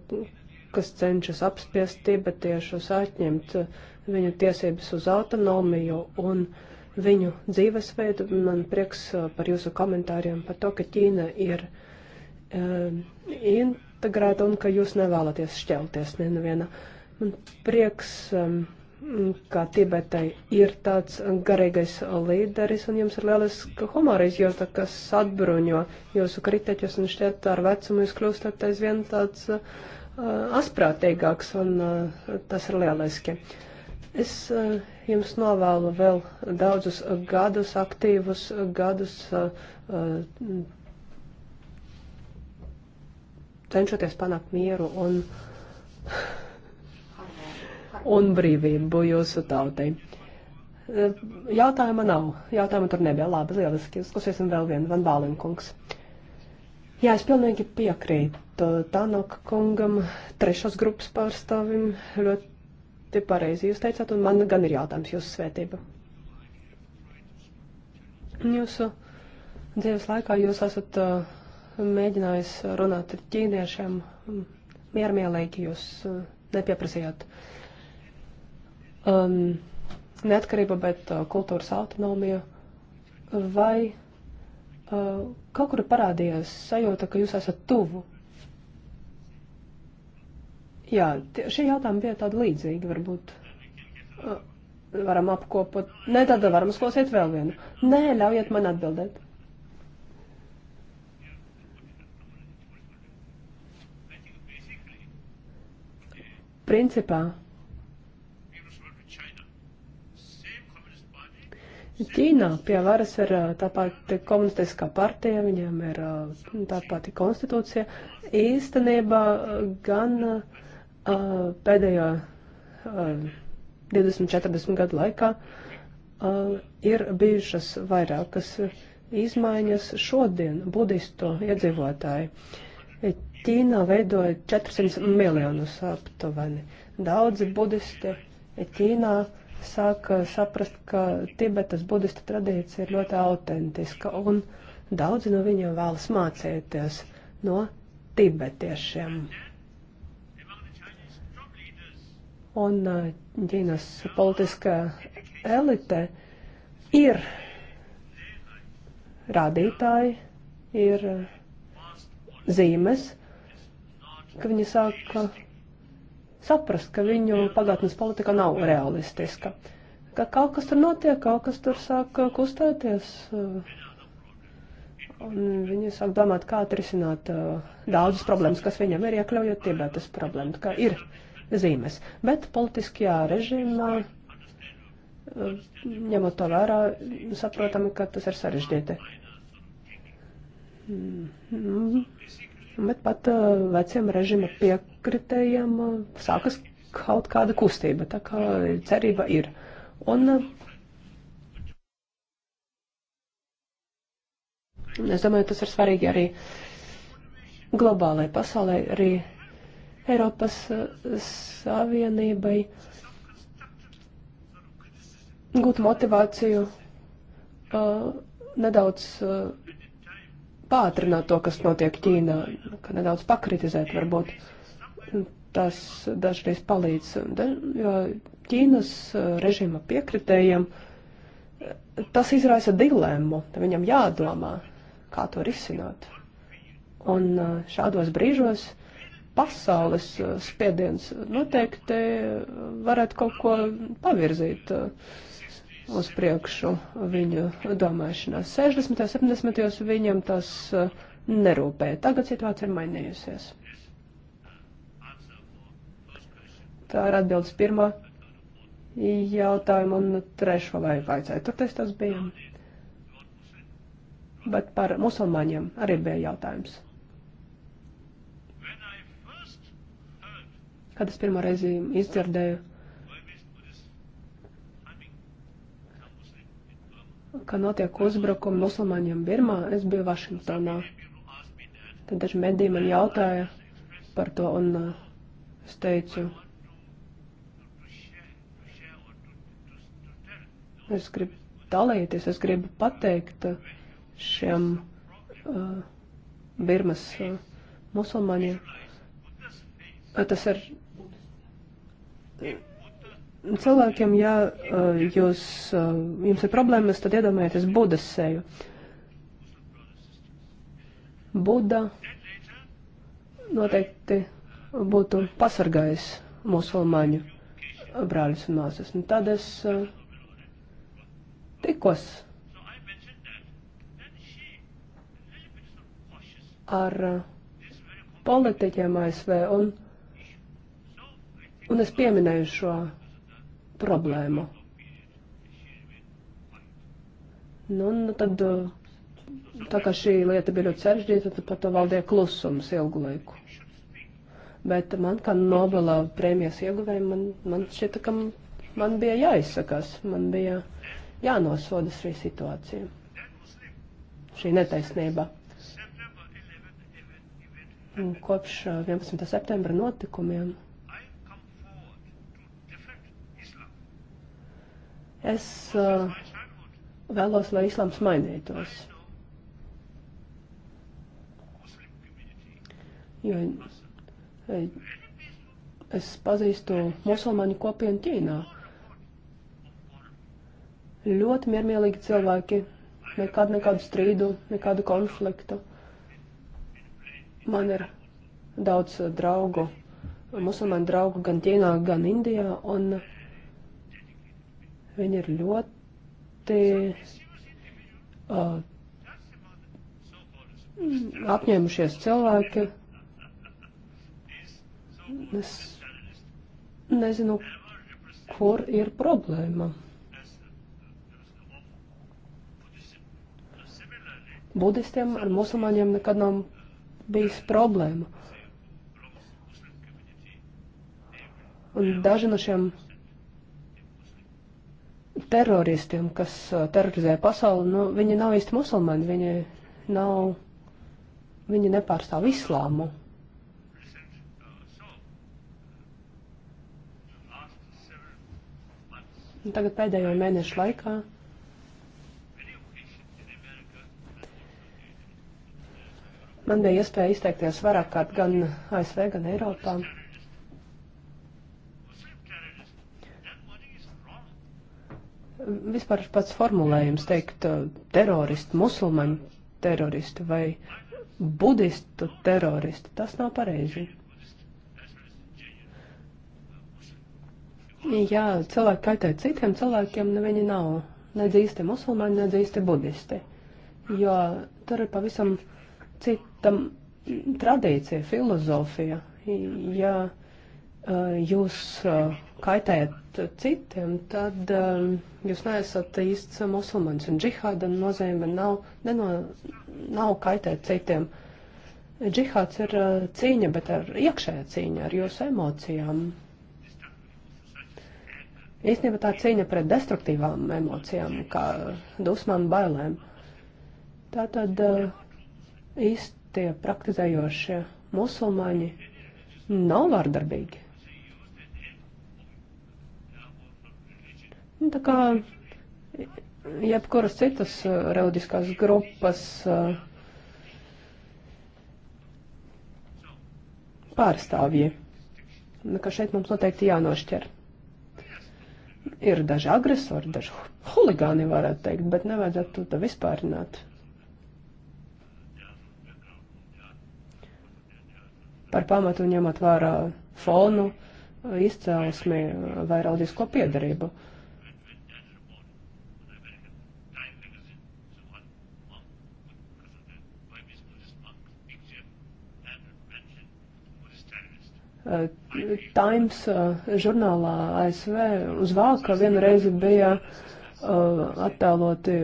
kas cenšas apspiest tibetiešus, atņemt uh, viņu tiesības uz autonomiju un uh, viņu dzīvesveidu. Man prieks uh, par jūsu komentāriem par to, ka Ķīna ir um, integrēta un ka jūs nevēlaties šķelties neviena. Nu, Man prieks, um, ka Tibetai ir tāds garīgais līderis un jums ir lieliska humora izjūta, kas atbruņo jūsu kriteķus un šķiet ar vecumu jūs kļūstat aizvien tāds uh, asprātīgāks un uh, tas ir lieliski. Uh, Es eh, jums novēlu vēl daudzus gadus, aktīvus gadus, eh, eh, cenšoties panākt mieru un, un brīvību jūsu tautai. Jautājuma nav. Jautājuma tur nebija. Labi, lieliski. Uzklausīsim vēl vienu. Van Bālinkungs. Jā, es pilnīgi piekrītu Tanaka kungam, trešās grupas pārstāvim. Ļoti Te pareizi jūs teicāt, un man gan ir jautājums jūsu svētība. Jūsu dzīves laikā jūs esat uh, mēģinājis runāt ar ķīniešiem miermīlīgi, jūs uh, nepieprasījāt um, neatkarību, bet uh, kultūras autonomiju. Vai uh, kaut kur parādījās sajūta, ka jūs esat tuvu Jā, šie jautājumi bija tādi līdzīgi, varbūt varam apkopot. Nē, tad varam uzklausīt vēl vienu. Nē, ļaujiet man atbildēt. Principā Ķīnā pie varas ir tā pati komunistiskā partija, viņiem ir tā pati konstitūcija. Īstenībā gan uh, pēdējo 20-40 gadu laikā ir bijušas vairākas izmaiņas šodien budistu iedzīvotāji. Ķīnā veidoja 400 miljonus aptuveni. Daudzi budisti Ķīnā sāka saprast, ka Tibetas budista tradīcija ir ļoti autentiska, un daudzi no viņiem vēlas mācīties no tibetiešiem. un uh, Ķīnas politiskā elite ir rādītāji, ir uh, zīmes, ka viņi sāka saprast, ka viņu pagātnes politika nav realistiska, ka kaut kas tur notiek, kaut kas tur sāk uh, kustēties, un viņi sāk domāt, kā atrisināt daudzas problēmas, kas viņam ir, iekļaujot Tibetas problēmu, ka ir problēmas zīmes. Bet politiskajā režīmā, eh, ņemot to vērā, saprotam, ka tas ir sarežģīti. Mm-hmm. Bet pat eh, veciem režīma piekritējiem eh, sākas kaut kāda kustība, tā kā cerība ir. Un es domāju, tas ir svarīgi arī globālajai pasaulē, arī Eiropas eh, Savienībai gūt motivāciju uh, nedaudz uh, pātrināt to, kas notiek Ķīnā, ka nedaudz pakritizēt varbūt. Tas dažreiz palīdz, jo Ķīnas režīma piekritējiem tas izraisa dilemmu, viņam jādomā, kā to risināt. Un šādos brīžos pasaules uh, spiediens noteikti uh, varētu kaut ko pavirzīt uh, uz priekšu viņu domāšanā. 60. un 70. viņam tas nerūpēja. Tagad situācija ir mainījusies. Tā ir atbildes pirmā jautājuma un trešo vai vajadzēja. Tur tas tas bija. Bet par musulmaņiem arī bija jautājums. Kad es pirmo reizi izdzirdēju, ka notiek uzbrukumi musulmaņiem Birmā, es biju Vašingtonā. Tad daži mediji man jautāja par to, un uh, es teicu, es gribu dalīties, es gribu pateikt šiem uh, Birmas uh, musulmaņiem. Tas ir cilvēkiem, ja eh, jūs, eh, jums ir problēmas, tad iedomājieties Budas seju. Buda noteikti būtu pasargājis musulmaņu brāļus un māsas. Un nu, tad es eh, tikos ar politiķiem ASV un Un es pieminēju šo problēmu. Nu, nu tad, uh, tā kā šī lieta bija ļoti sarežģīta, tad par to valdīja klusums ilgu laiku. Bet man, kā Nobela prēmijas ieguvēja, man, man šķita, ka man bija jāizsakās, man bija jānosoda šī situācija, šī netaisnība. Kopš 11. Uh, septembra notikumiem. Es uh, vēlos, lai islāms mainītos. Jo eh, es pazīstu musulmaņu kopienu Ķīnā. Ļoti miermīlīgi cilvēki, nekad nekādu strīdu, nekādu konfliktu. Man ir daudz draugu, musulmaņu draugu gan Ķīnā, gan Indijā, un uh, Viņi ir ļoti uh, apņēmušies cilvēki. Es nezinu, kur ir problēma. Budistiem ar musulmaņiem nekad nav bijis problēma. Un daži no šiem teroristiem, kas uh, terorizē pasauli, nu, viņi nav īsti musulmaņi, viņi nav, viņi nepārstāv islāmu. Tagad pēdējo mēnešu laikā man bija iespēja izteikties vairāk kārt gan ASV, gan Eiropā. Vispār pats formulējums teikt uh, teroristu, musulmaņu teroristu vai budistu teroristu, tas nav pareizi. Jā, cilvēki kaitē citiem cilvēkiem, ne viņi nav nedz īsti musulmaņi, nedz īsti budisti, jo tur ir pavisam citam tradīcija, filozofija. Ja uh, jūs uh, kaitējat citiem, tad um, jūs neesat īsts musulmanis, un džihāda nozīme nav, neno, nav kaitēt citiem. Džihāds ir uh, cīņa, bet ar iekšējā cīņa, ar jūsu emocijām. Īstenībā tā cīņa pret destruktīvām emocijām, kā dusmām, bailēm. Tā tad uh, īstie praktizējošie musulmaņi nav vardarbīgi Nu, tā kā jebkuras citas uh, reliģiskās grupas uh, pārstāvji. Nu, ka šeit mums noteikti jānošķir. Ir daži agresori, daži huligāni, varētu teikt, bet nevajadzētu to vispārināt. Par pamatu ņemot vērā fonu, uh, izcēlesmi uh, vai reliģisko piedarību. Uh, Eh, Times eh, žurnālā ASV uz vāka vienreiz bija eh, attēloti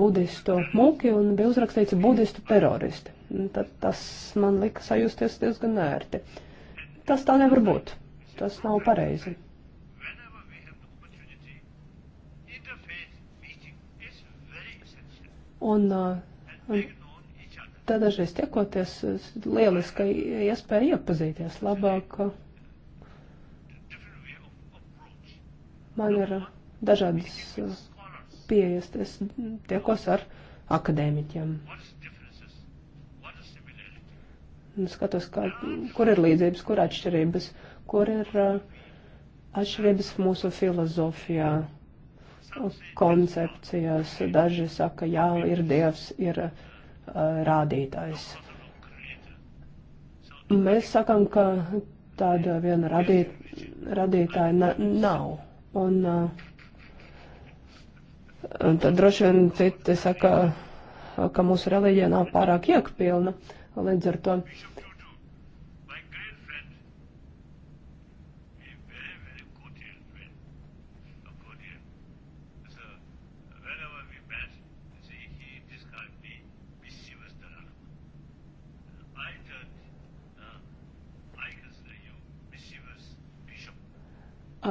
budistu mūki un bija uzrakstīts budistu teroristi. Tad tas man lika sajusties diezgan ērti. Tas tā nevar būt. Tas nav pareizi. Un, un tad dažreiz tiekoties, lieliska iespēja iepazīties labāk. Man ir dažādas pieejas, es tiekos ar akadēmiķiem. Un skatos, kā, kur ir līdzības, kur atšķirības, kur ir uh, atšķirības mūsu filozofijā koncepcijās. Daži saka, jā, ir Dievs, ir rādītājs. Mēs sakam, ka tāda viena radīt, radītāja na, nav. Un, uh, un tad droši vien citi saka, ka mūsu reliģija nav pārāk iekpilna. Līdz ar to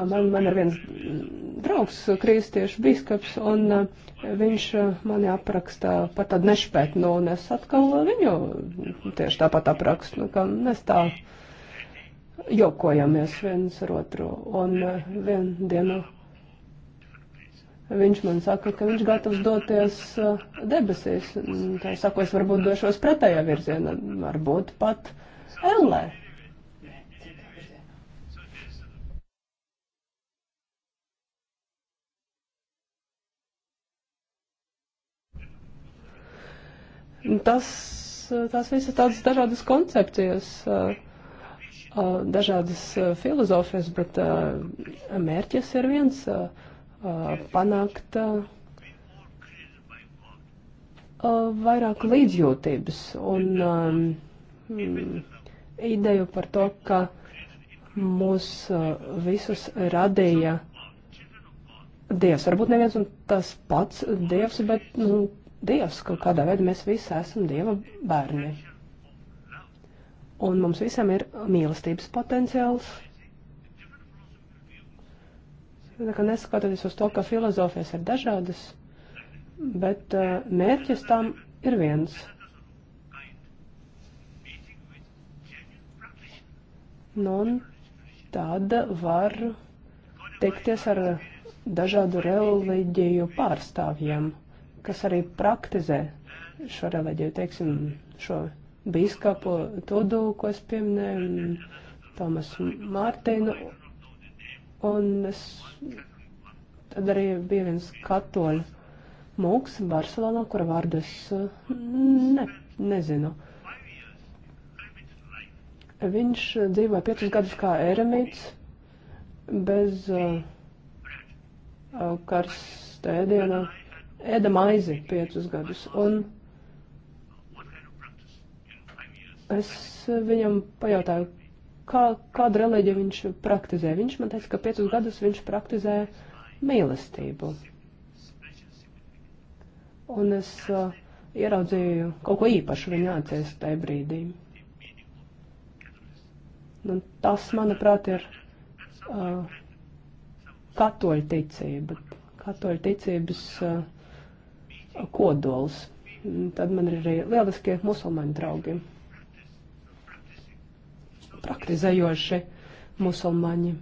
Man, man ir viens draugs, kristiešu biskaps, un viņš mani apraksta par tādu nešpētnu, un es atkal viņu tieši tāpat aprakstu, nu, ka mēs tā jokojamies viens ar otru, un vienu dienu Viņš man saka, ka viņš gatavs doties debesīs. Tā es saku, es varbūt došos pretējā virzienā, varbūt pat ellē. Tas, tās visas tādas dažādas koncepcijas, dažādas filozofijas, bet mērķis ir viens - panākt vairāk līdzjūtības un hmm, ideju par to, ka mūs visus radīja Dievs. Varbūt neviens un tas pats Dievs, bet nu, Dievs, kaut kādā veidā mēs visi esam Dieva bērni. Un mums visam ir mīlestības potenciāls. Neskatoties uz to, ka filozofijas ir dažādas, bet uh, mērķis tam ir viens. Nu, un tad var tikties ar dažādu reliģiju pārstāvjiem kas arī praktizē šo reliģiju, teiksim, šo bīskapu Tudu, ko es pieminēju, Tomas Mārtinu, un es, tad arī bija viens katoļu mūks Barcelonā, kura vārdu es ne, nezinu. Viņš dzīvoja piecus gadus kā eremīts, bez uh, karstēdiena. Uh, ēda maizi piecus gadus. Un es viņam pajautāju, kā, kādu reliģiju viņš praktizē. Viņš man teica, ka piecus gadus viņš praktizē mīlestību. Un es uh, ieraudzīju kaut ko īpašu viņa acīs tajā brīdī. Un nu, tas, manuprāt, ir uh, katoļu ticība. Katoļu ticības uh, kodols. Tad man ir arī lieliskie musulmaņu draugi, praktizējoši musulmaņi.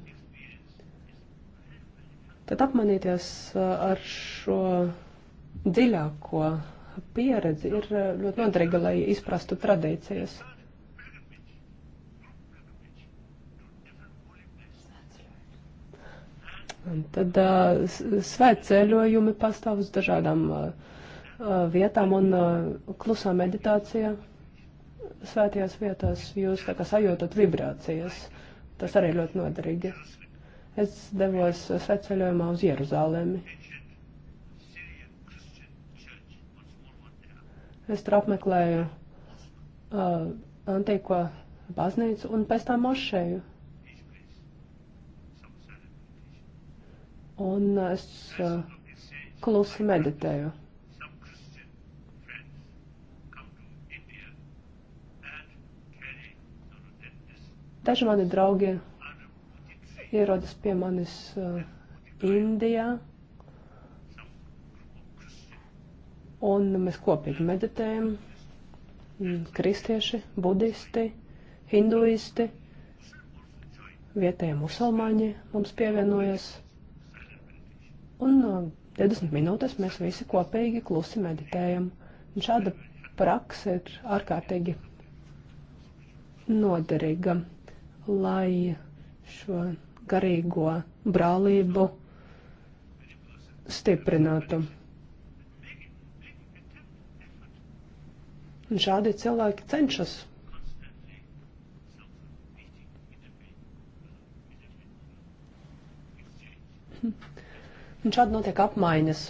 Tad apmanīties uh, ar šo dziļāko pieredzi ir uh, ļoti noderīga, lai izprastu tradīcijas. Un tad uh, svētceļojumi pastāv uz dažādām uh, vietām un uh, klusā meditācija svētajās vietās. Jūs tā kā sajūtat vibrācijas. Tas arī ļoti noderīgi. Es devos sveceļojumā uz Jeruzālēmi. Es tur apmeklēju uh, antīko baznīcu un pēc tam mošēju. Un es uh, klusi meditēju. Daži mani draugi ierodas pie manis uh, Indijā, un mēs kopīgi meditējam. Kristieši, budisti, hinduisti, vietējie musulmaņi mums pievienojas. Un uh, 20 minūtes mēs visi kopīgi klusi meditējam. Un šāda praksa ir ārkārtīgi noderīga lai šo garīgo brālību stiprinātu. Un šādi cilvēki cenšas. Un šādi notiek apmaiņas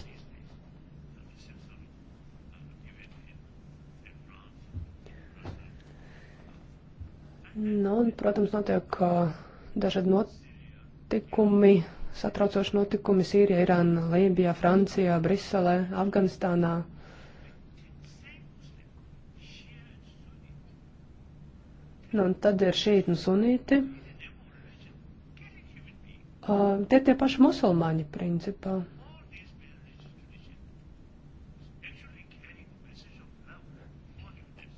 Nu, un, protams, notiek dažādi notikumi, satraucoši notikumi Sīrijā, Irānā, Lībijā, Francijā, Briselē, Afganistānā. Nu, un tad ir šīti un sunīti. Uh, tie tie paši musulmaņi, principā.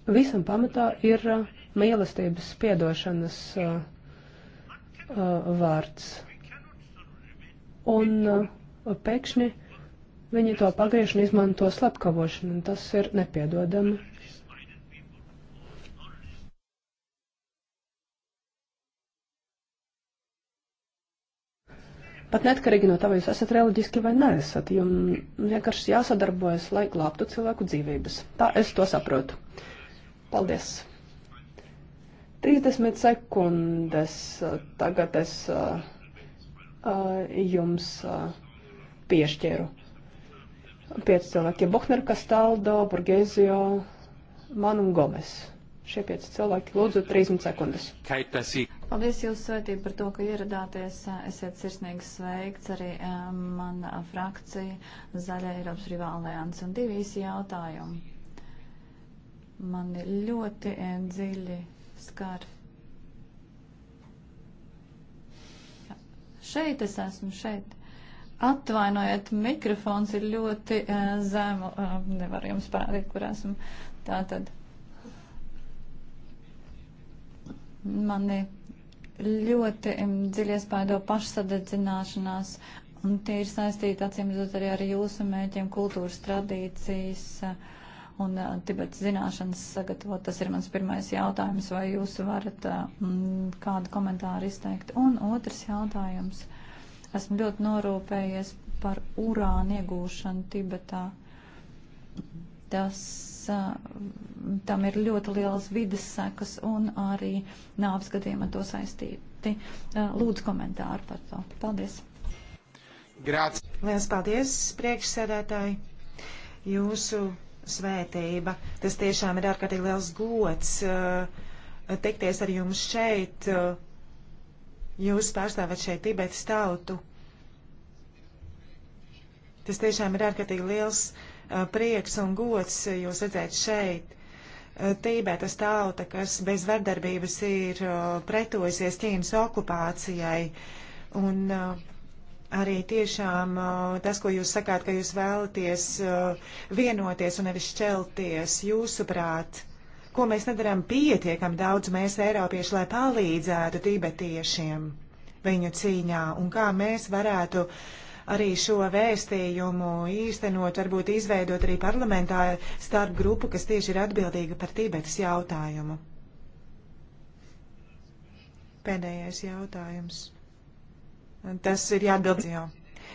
Visam pamatā ir uh, mīlestības, piedošanas uh, uh, vārds. Un uh, pēkšņi viņi to pagriež un izmanto slepkavošanu, un tas ir nepiedodami. Pat neatkarīgi no tā, vai jūs esat reliģiski vai neesat, jums vienkārši jāsadarbojas, lai glābtu cilvēku dzīvības. Tā es to saprotu. Paldies! 30 sekundes tagad es uh, uh, jums uh, piešķiru. Pieci cilvēki - Bohner, Kastaldo, Borgēzio, Man un Gomes. Šie pieci cilvēki lūdzu 30 sekundes. Paldies jūsu svētību par to, ka ieradāties. Esiet sirsnīgi sveikts arī um, mana frakcija Zaļa Eiropas Rivā alianses un divi īsi jautājumi. Mani ļoti dziļi skar. Šeit es esmu, šeit. Atvainojiet, mikrofons ir ļoti uh, zemu. Uh, eh, nevaru jums parādīt, kur esmu. Tā tad. Mani ļoti dziļi iespaido pašsadedzināšanās, un tie ir saistīti, acīm redzot, arī ar jūsu mēķiem, kultūras tradīcijas. Uh, un uh, Tibets zināšanas sagatavot. Tas ir mans pirmais jautājums, vai jūs varat uh, mm, kādu komentāru izteikt. Un otrs jautājums. Esmu ļoti norūpējies par urāna iegūšanu Tibetā. Tas, uh, tam ir ļoti lielas vidas sekas un arī nāves gadījumā to saistīti. Uh, lūdzu komentāru par to. Paldies! Grāts. Lielas paldies, priekšsēdētāji! Jūsu svētība. Tas tiešām ir ārkārtīgi liels gods uh, tikties ar jums šeit. Uh, jūs pārstāvat šeit Tibetas tautu. Tas tiešām ir ārkārtīgi liels uh, prieks un gods jūs redzēt šeit. Tībetas tauta, kas bez vardarbības ir pretojusies Ķīnas okupācijai. Un uh, arī tiešām tas, ko jūs sakāt, ka jūs vēlaties vienoties un nevis šķelties, jūsuprāt, ko mēs nedaram pietiekam daudz mēs Eiropieši, lai palīdzētu tibetiešiem viņu cīņā un kā mēs varētu arī šo vēstījumu īstenot, varbūt izveidot arī parlamentā starp grupu, kas tieši ir atbildīga par Tibetas jautājumu. Pēdējais jautājums. Tas ir jāatbild. Jā.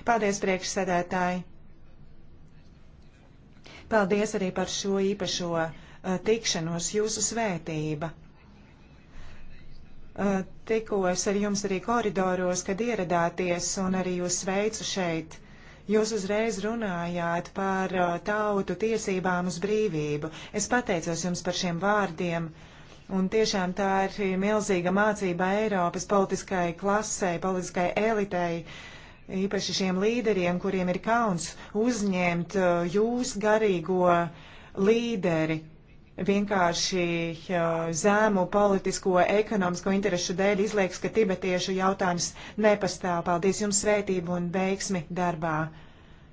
Paldies, priekšsēdētāji. Paldies arī par šo īpašo uh, tikšanos, jūsu svētība. Uh, tikos ar jums arī koridoros, kad ieradāties, un arī jūs sveicu šeit. Jūs uzreiz runājāt par eh, tautu tiesībām uz brīvību. Es pateicos jums par šiem vārdiem. Uh, Un tiešām tā ir milzīga mācība Eiropas politiskai klasē, politiskai elitei, īpaši šiem līderiem, kuriem ir kauns uzņemt uh, jūs garīgo līderi, vienkārši uh, zēmu politisko, ekonomisko interesu dēļ izliekas, ka tibetiešu jautājums nepastāv. Paldies jums svētību un veiksmi darbā.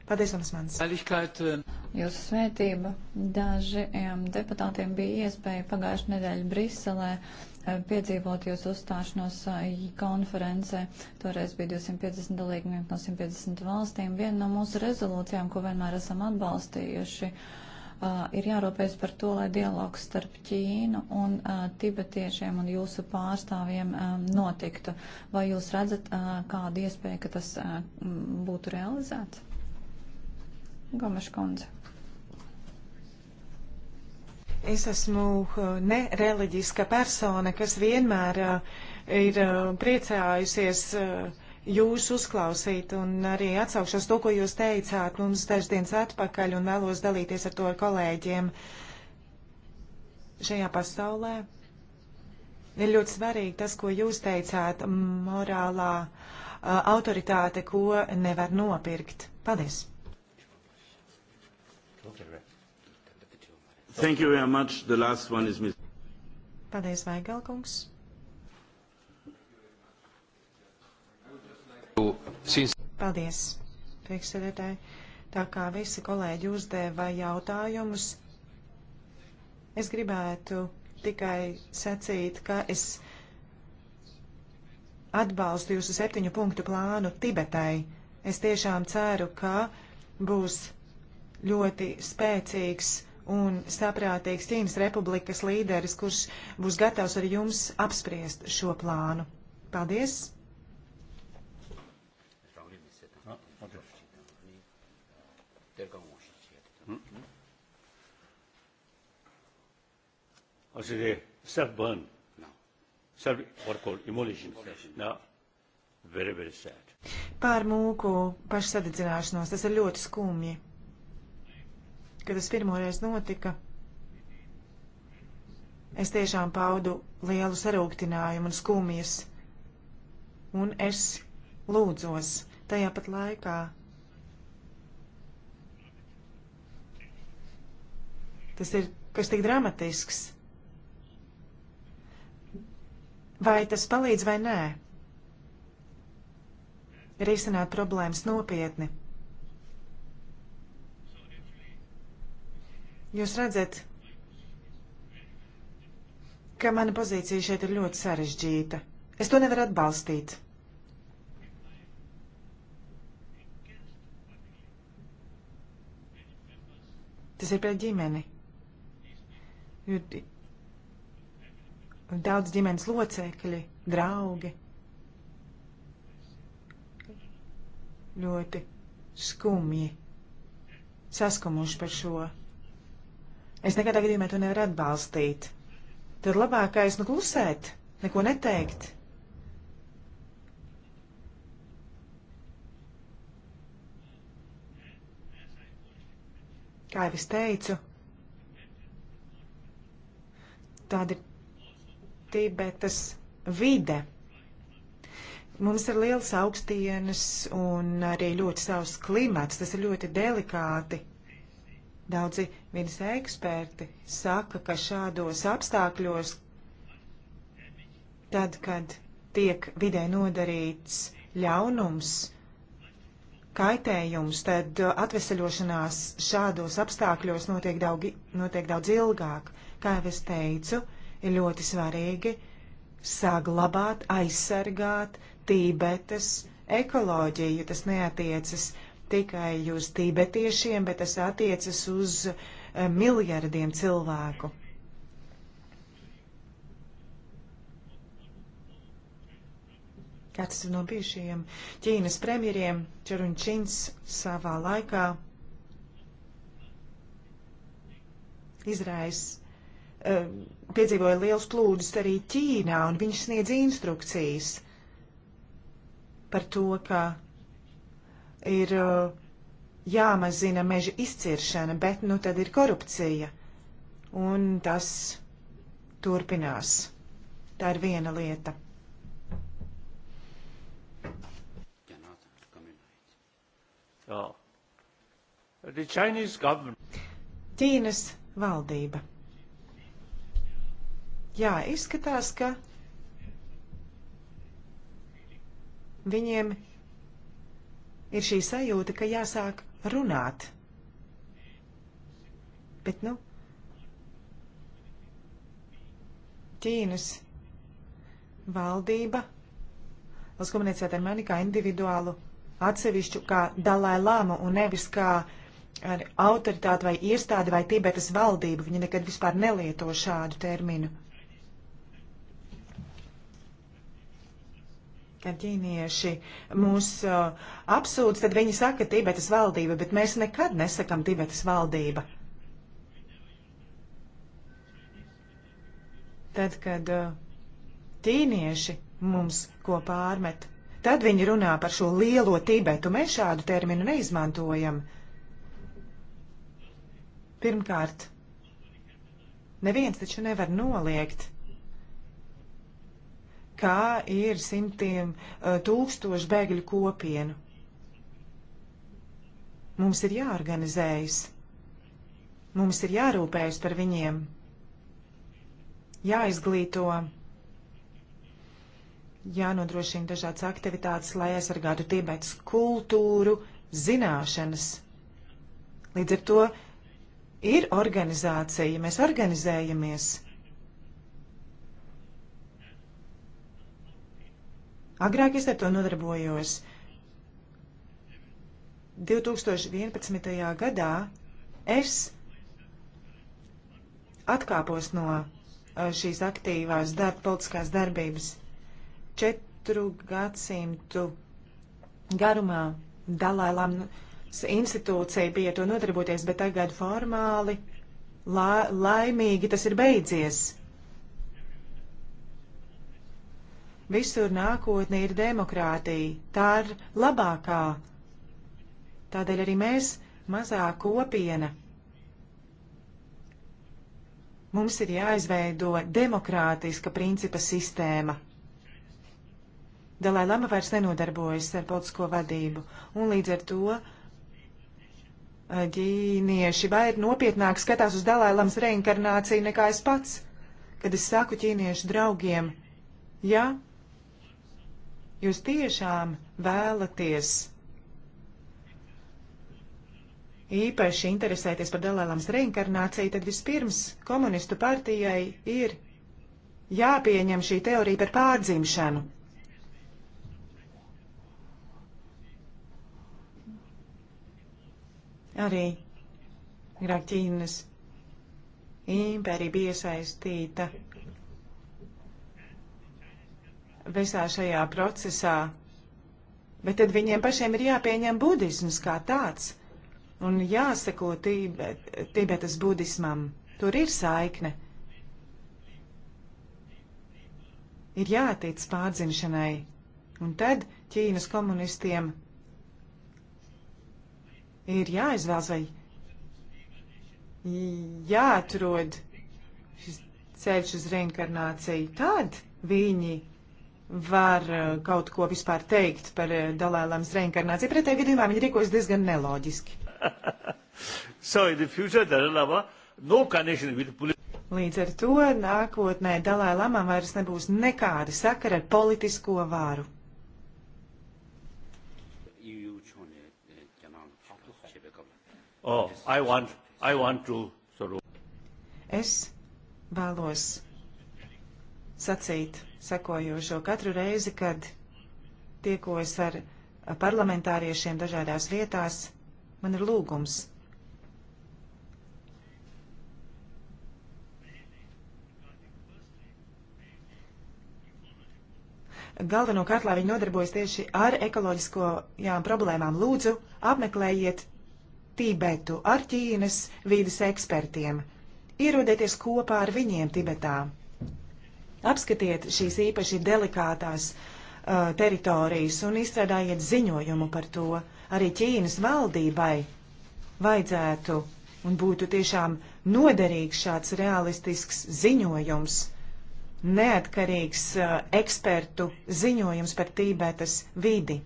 Paldies, Ombudsmans. Äh, jūsu svētība. Dažiem deputātiem bija iespēja pagājušajā nedēļā Briselē eh, piedzīvot jūsu uzstāšanos eh, konferencē. Toreiz bija 250 dalībnieki no 150 valstīm. Viena no mūsu rezolūcijām, ko vienmēr esam atbalstījuši, eh, ir jārūpējas par to, lai dialogs starp Ķīnu un tibetiešiem un jūsu pārstāvjiem notiktu. Vai jūs redzat kādu iespēju, ka tas būtu realizēts? Gomeša kundze. Es esmu uh, nereliģiska persona, kas vienmēr uh, ir uh, priecājusies jūs uzklausīt un arī atsaukšos to, ko jūs teicāt mums dažs dienas atpakaļ un vēlos dalīties ar to ar kolēģiem. Šajā pasaulē ir ļoti svarīgi tas, ko jūs teicāt, morālā autoritāte, ko nevar nopirkt. Paldies! Thank you very much. The last one is Ms. Paldies, Vaigalkungs. Paldies, priekšsēdētāji. Tā kā visi kolēģi uzdeva jautājumus, es gribētu tikai sacīt, ka es atbalstu jūsu septiņu punktu plānu Tibetai. Es tiešām ceru, ka būs ļoti spēcīgs un saprātīgs Ķīnas republikas līderis, kurš būs gatavs ar jums apspriest šo plānu. Paldies! Also the self-burn now, self, what called immolation, immolation. now very, very sad. Pār mūku pašsadedzināšanos, tas ir ļoti skumji kad tas pirmoreiz notika, es tiešām paudu lielu sarūktinājumu un skumjas, un es lūdzos tajā pat laikā. Tas ir kas tik dramatisks. Vai tas palīdz vai nē? Risināt problēmas nopietni. Jūs redzat, ka mana pozīcija šeit ir ļoti sarežģīta. Es to nevaru atbalstīt. Tas ir pret ģimeni. Daudz ģimenes locekļi, draugi. Ļoti skumji saskumuši par šo. Es nekādā gadījumā to nevaru atbalstīt. Tad labākais nu klusēt, neko neteikt. Kā jau es teicu, tāda ir Tibetas vide. Mums ir liels augstienas un arī ļoti savs klimats. Tas ir ļoti delikāti. Daudzi vidas eksperti saka, ka šādos apstākļos, tad, kad tiek vidē nodarīts ļaunums, kaitējums, tad uh, atveseļošanās šādos apstākļos notiek daudz, notiek daudz ilgāk. Kā jau es teicu, ir ļoti svarīgi saglabāt, aizsargāt Tībetas ekoloģiju. Tas neatiecas tikai uz tibetiešiem, bet tas attiecas uz eh, miljardiem cilvēku. Kāds no bijušajiem Ķīnas premjeriem Čerunčins savā laikā izrais, uh, eh, piedzīvoja liels plūdus arī Ķīnā, un viņš sniedz instrukcijas par to, ka ir uh, jāmazina meža izciršana, bet nu tad ir korupcija. Un tas turpinās. Tā ir viena lieta. Oh. Ķīnas valdība. Jā, izskatās, ka viņiem ir šī sajūta, ka jāsāk runāt. Bet, nu, Ķīnas valdība, jūs komunicējat ar mani kā individuālu atsevišķu, kā Dalai Lāmu un nevis kā ar autoritāti vai iestādi vai Tibetas valdību. Viņi nekad vispār nelieto šādu terminu. Kad ķīnieši mūs uh, apsūdz, tad viņi saka Tibetas valdība, bet mēs nekad nesakam Tibetas valdība. Tad, kad uh, ķīnieši mums ko pārmet, tad viņi runā par šo lielo Tibetu. Mēs šādu terminu neizmantojam. Pirmkārt, neviens taču nevar noliegt kā ir simtiem eh, tūkstošu bēgļu kopienu. Mums ir jāorganizējas. Mums ir jārūpējas par viņiem. Jāizglīto jānodrošina dažādas aktivitātes, lai aizsargātu Tibetas kultūru, zināšanas. Līdz ar to ir organizācija, mēs organizējamies. Agrāk es ar to nodarbojos. 2011. gadā es atkāpos no eh, šīs aktīvās darba, politiskās darbības. Četru gadsimtu garumā Dalēlām institūcija bija to nodarboties, bet tagad formāli la, laimīgi tas ir beidzies. Visur nākotnē ir demokrātija. Tā ir labākā. Tādēļ arī mēs, mazā kopiena, mums ir jāizveido demokrātiska principa sistēma. Dalai Lama vairs nenodarbojas ar politisko vadību, un līdz ar to eh, ķīnieši vai ir nopietnāk skatās uz Dalai Lamas reinkarnāciju nekā es pats, kad es saku ķīniešu draugiem, ja jūs tiešām vēlaties īpaši interesēties par Dalēlams reinkarnāciju, tad vispirms komunistu partijai ir jāpieņem šī teorija par pārdzimšanu. Arī Grāķīnas impērija bija iesaistīta visā šajā procesā. Bet tad viņiem pašiem ir jāpieņem budisms kā tāds un jāseko Tībet, Tibetas budismam. Tur ir saikne. Ir jātic pārdzimšanai. Un tad Ķīnas komunistiem ir jāizvēlas vai jāatrod šis ceļš uz reinkarnāciju. Tad viņi var eh, kaut ko vispār teikt par eh, Dalēlams reinkarnāciju. Pretējā gadījumā viņi rīkojas diezgan neloģiski. (laughs) so future, Lama, no Līdz ar to nākotnē Dalēlamam vairs nebūs nekāda sakara ar politisko vāru. Oh, I want, I want to, es vēlos sacīt sekojošo. Katru reizi, kad tiekos ar parlamentāriešiem dažādās vietās, man ir lūgums. Galvenokārt, lai viņi nodarbojas tieši ar ekoloģiskajām problēmām, lūdzu, apmeklējiet Tibetu ar Ķīnas vīdes ekspertiem. Ierodieties kopā ar viņiem Tibetā. Apskatiet šīs īpaši delikātās uh, teritorijas un izstrādājiet ziņojumu par to. Arī Ķīnas valdībai vajadzētu un būtu tiešām noderīgs šāds realistisks ziņojums, neatkarīgs uh, ekspertu ziņojums par Tībetas vidi.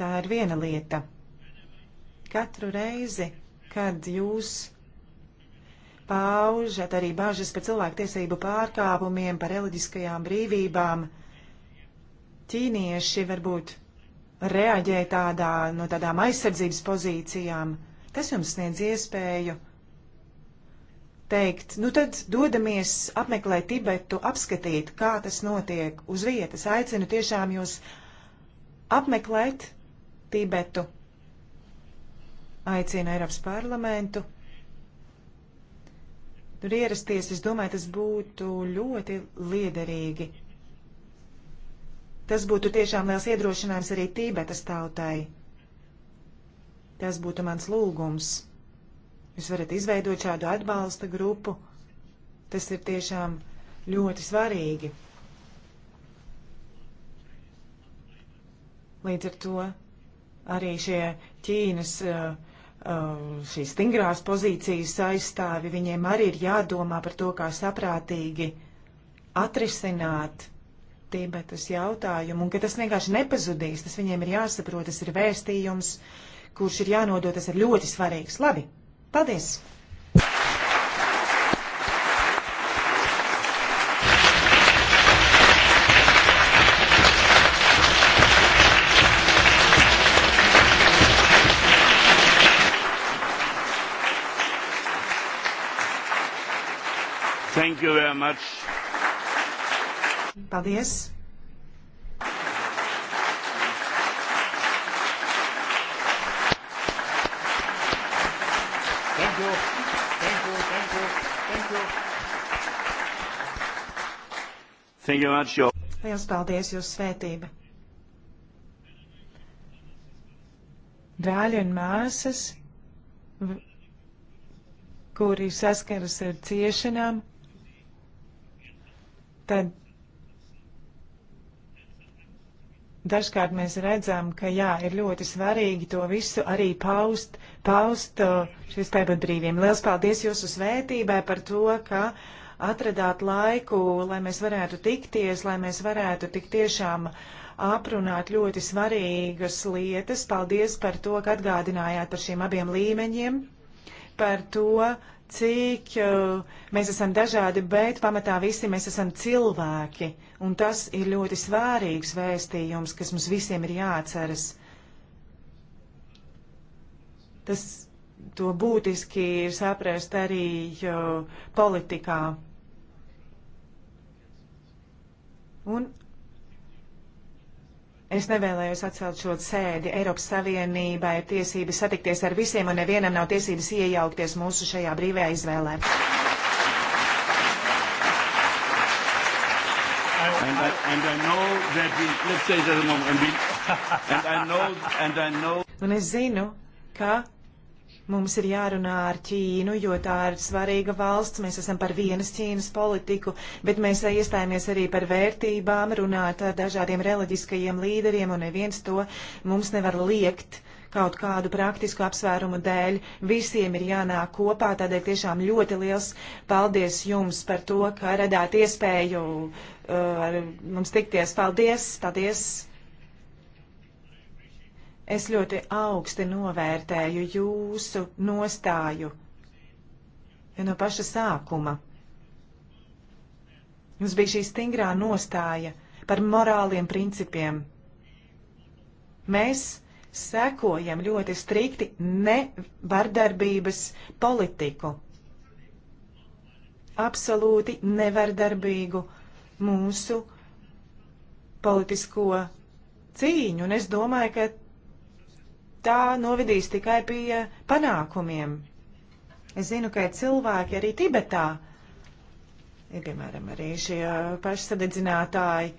Tā ir viena lieta. Katru reizi, kad jūs paužat arī bāžas par cilvēktiesību pārkāpumiem, par reliģiskajām brīvībām. Ķīnieši varbūt reaģē tādā, no tādām aizsardzības pozīcijām. Tas jums sniedz iespēju teikt, nu tad dodamies apmeklēt Tibetu, apskatīt, kā tas notiek uz vietas. Aicinu tiešām jūs apmeklēt Tibetu. Aicinu Eiropas parlamentu tur ierasties, es domāju, tas būtu ļoti liederīgi. Tas būtu tiešām liels iedrošinājums arī Tībetas tautai. Tas būtu mans lūgums. Jūs varat izveidot šādu atbalsta grupu. Tas ir tiešām ļoti svarīgi. Līdz ar to arī šie Ķīnas uh, Uh, šīs stingrās pozīcijas aizstāvi, viņiem arī ir jādomā par to, kā saprātīgi atrisināt Tibetas jautājumu, un ka tas vienkārši nepazudīs, tas viņiem ir jāsaprot, tas ir vēstījums, kurš ir jānodot, tas ir ļoti svarīgs. Labi, paldies! much. Paldies! Thank you. Thank you. Thank you. Thank you. Thank you much, jo. Liels paldies, jūs svētība. Brāļi un māsas, kuri saskaras ar ciešanām, tad dažkārt mēs redzam, ka jā, ir ļoti svarīgi to visu arī paust, paust uh, šis tāpat brīviem. Liels paldies jūsu svētībai par to, ka atradāt laiku, lai mēs varētu tikties, lai mēs varētu tik tiešām aprunāt ļoti svarīgas lietas. Paldies par to, ka atgādinājāt par šiem abiem līmeņiem, par to, cik uh, mēs esam dažādi, bet pamatā visi mēs esam cilvēki. Un tas ir ļoti svārīgs vēstījums, kas mums visiem ir jāatceras. Tas to būtiski ir saprast arī uh, politikā. Un Es nevēlējos atcelt šo sēdi. Eiropas Savienībā ir tiesības satikties ar visiem, un nevienam nav tiesības iejaukties mūsu šajā brīvajā izvēlē. And I, and I know that we, let's say that a moment, and, we, and I know, and I know. Un es zinu, ka Mums ir jārunā ar Ķīnu, jo tā ir svarīga valsts. Mēs esam par vienas Ķīnas politiku, bet mēs iestājāmies arī par vērtībām, runāt ar dažādiem reliģiskajiem līderiem, un neviens to mums nevar liekt kaut kādu praktisku apsvērumu dēļ. Visiem ir jānāk kopā, tādēļ tiešām ļoti liels paldies jums par to, ka radāt iespēju uh, mums tikties. Paldies! Paldies! Es ļoti augsti novērtēju jūsu nostāju ja no paša sākuma. Jums bija šī stingrā nostāja par morāliem principiem. Mēs sekojam ļoti strikti nevardarbības politiku. Absolūti nevardarbīgu mūsu politisko cīņu, un es domāju, ka tā novedīs tikai pie panākumiem. Es zinu, ka ir cilvēki arī Tibetā, ir piemēram arī šie pašsadedzinātāji.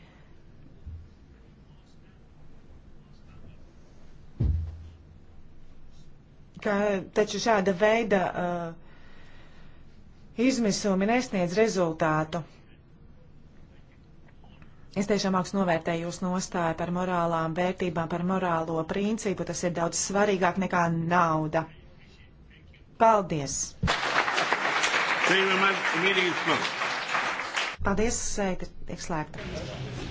Ka, taču šāda veida uh, izmisumi nesniedz rezultātu. Es tiešām augstu novērtēju jūsu nostāju par morālām vērtībām, par morālo principu. Tas ir daudz svarīgāk nekā nauda. Paldies! Paldies, sēde tiek slēgta.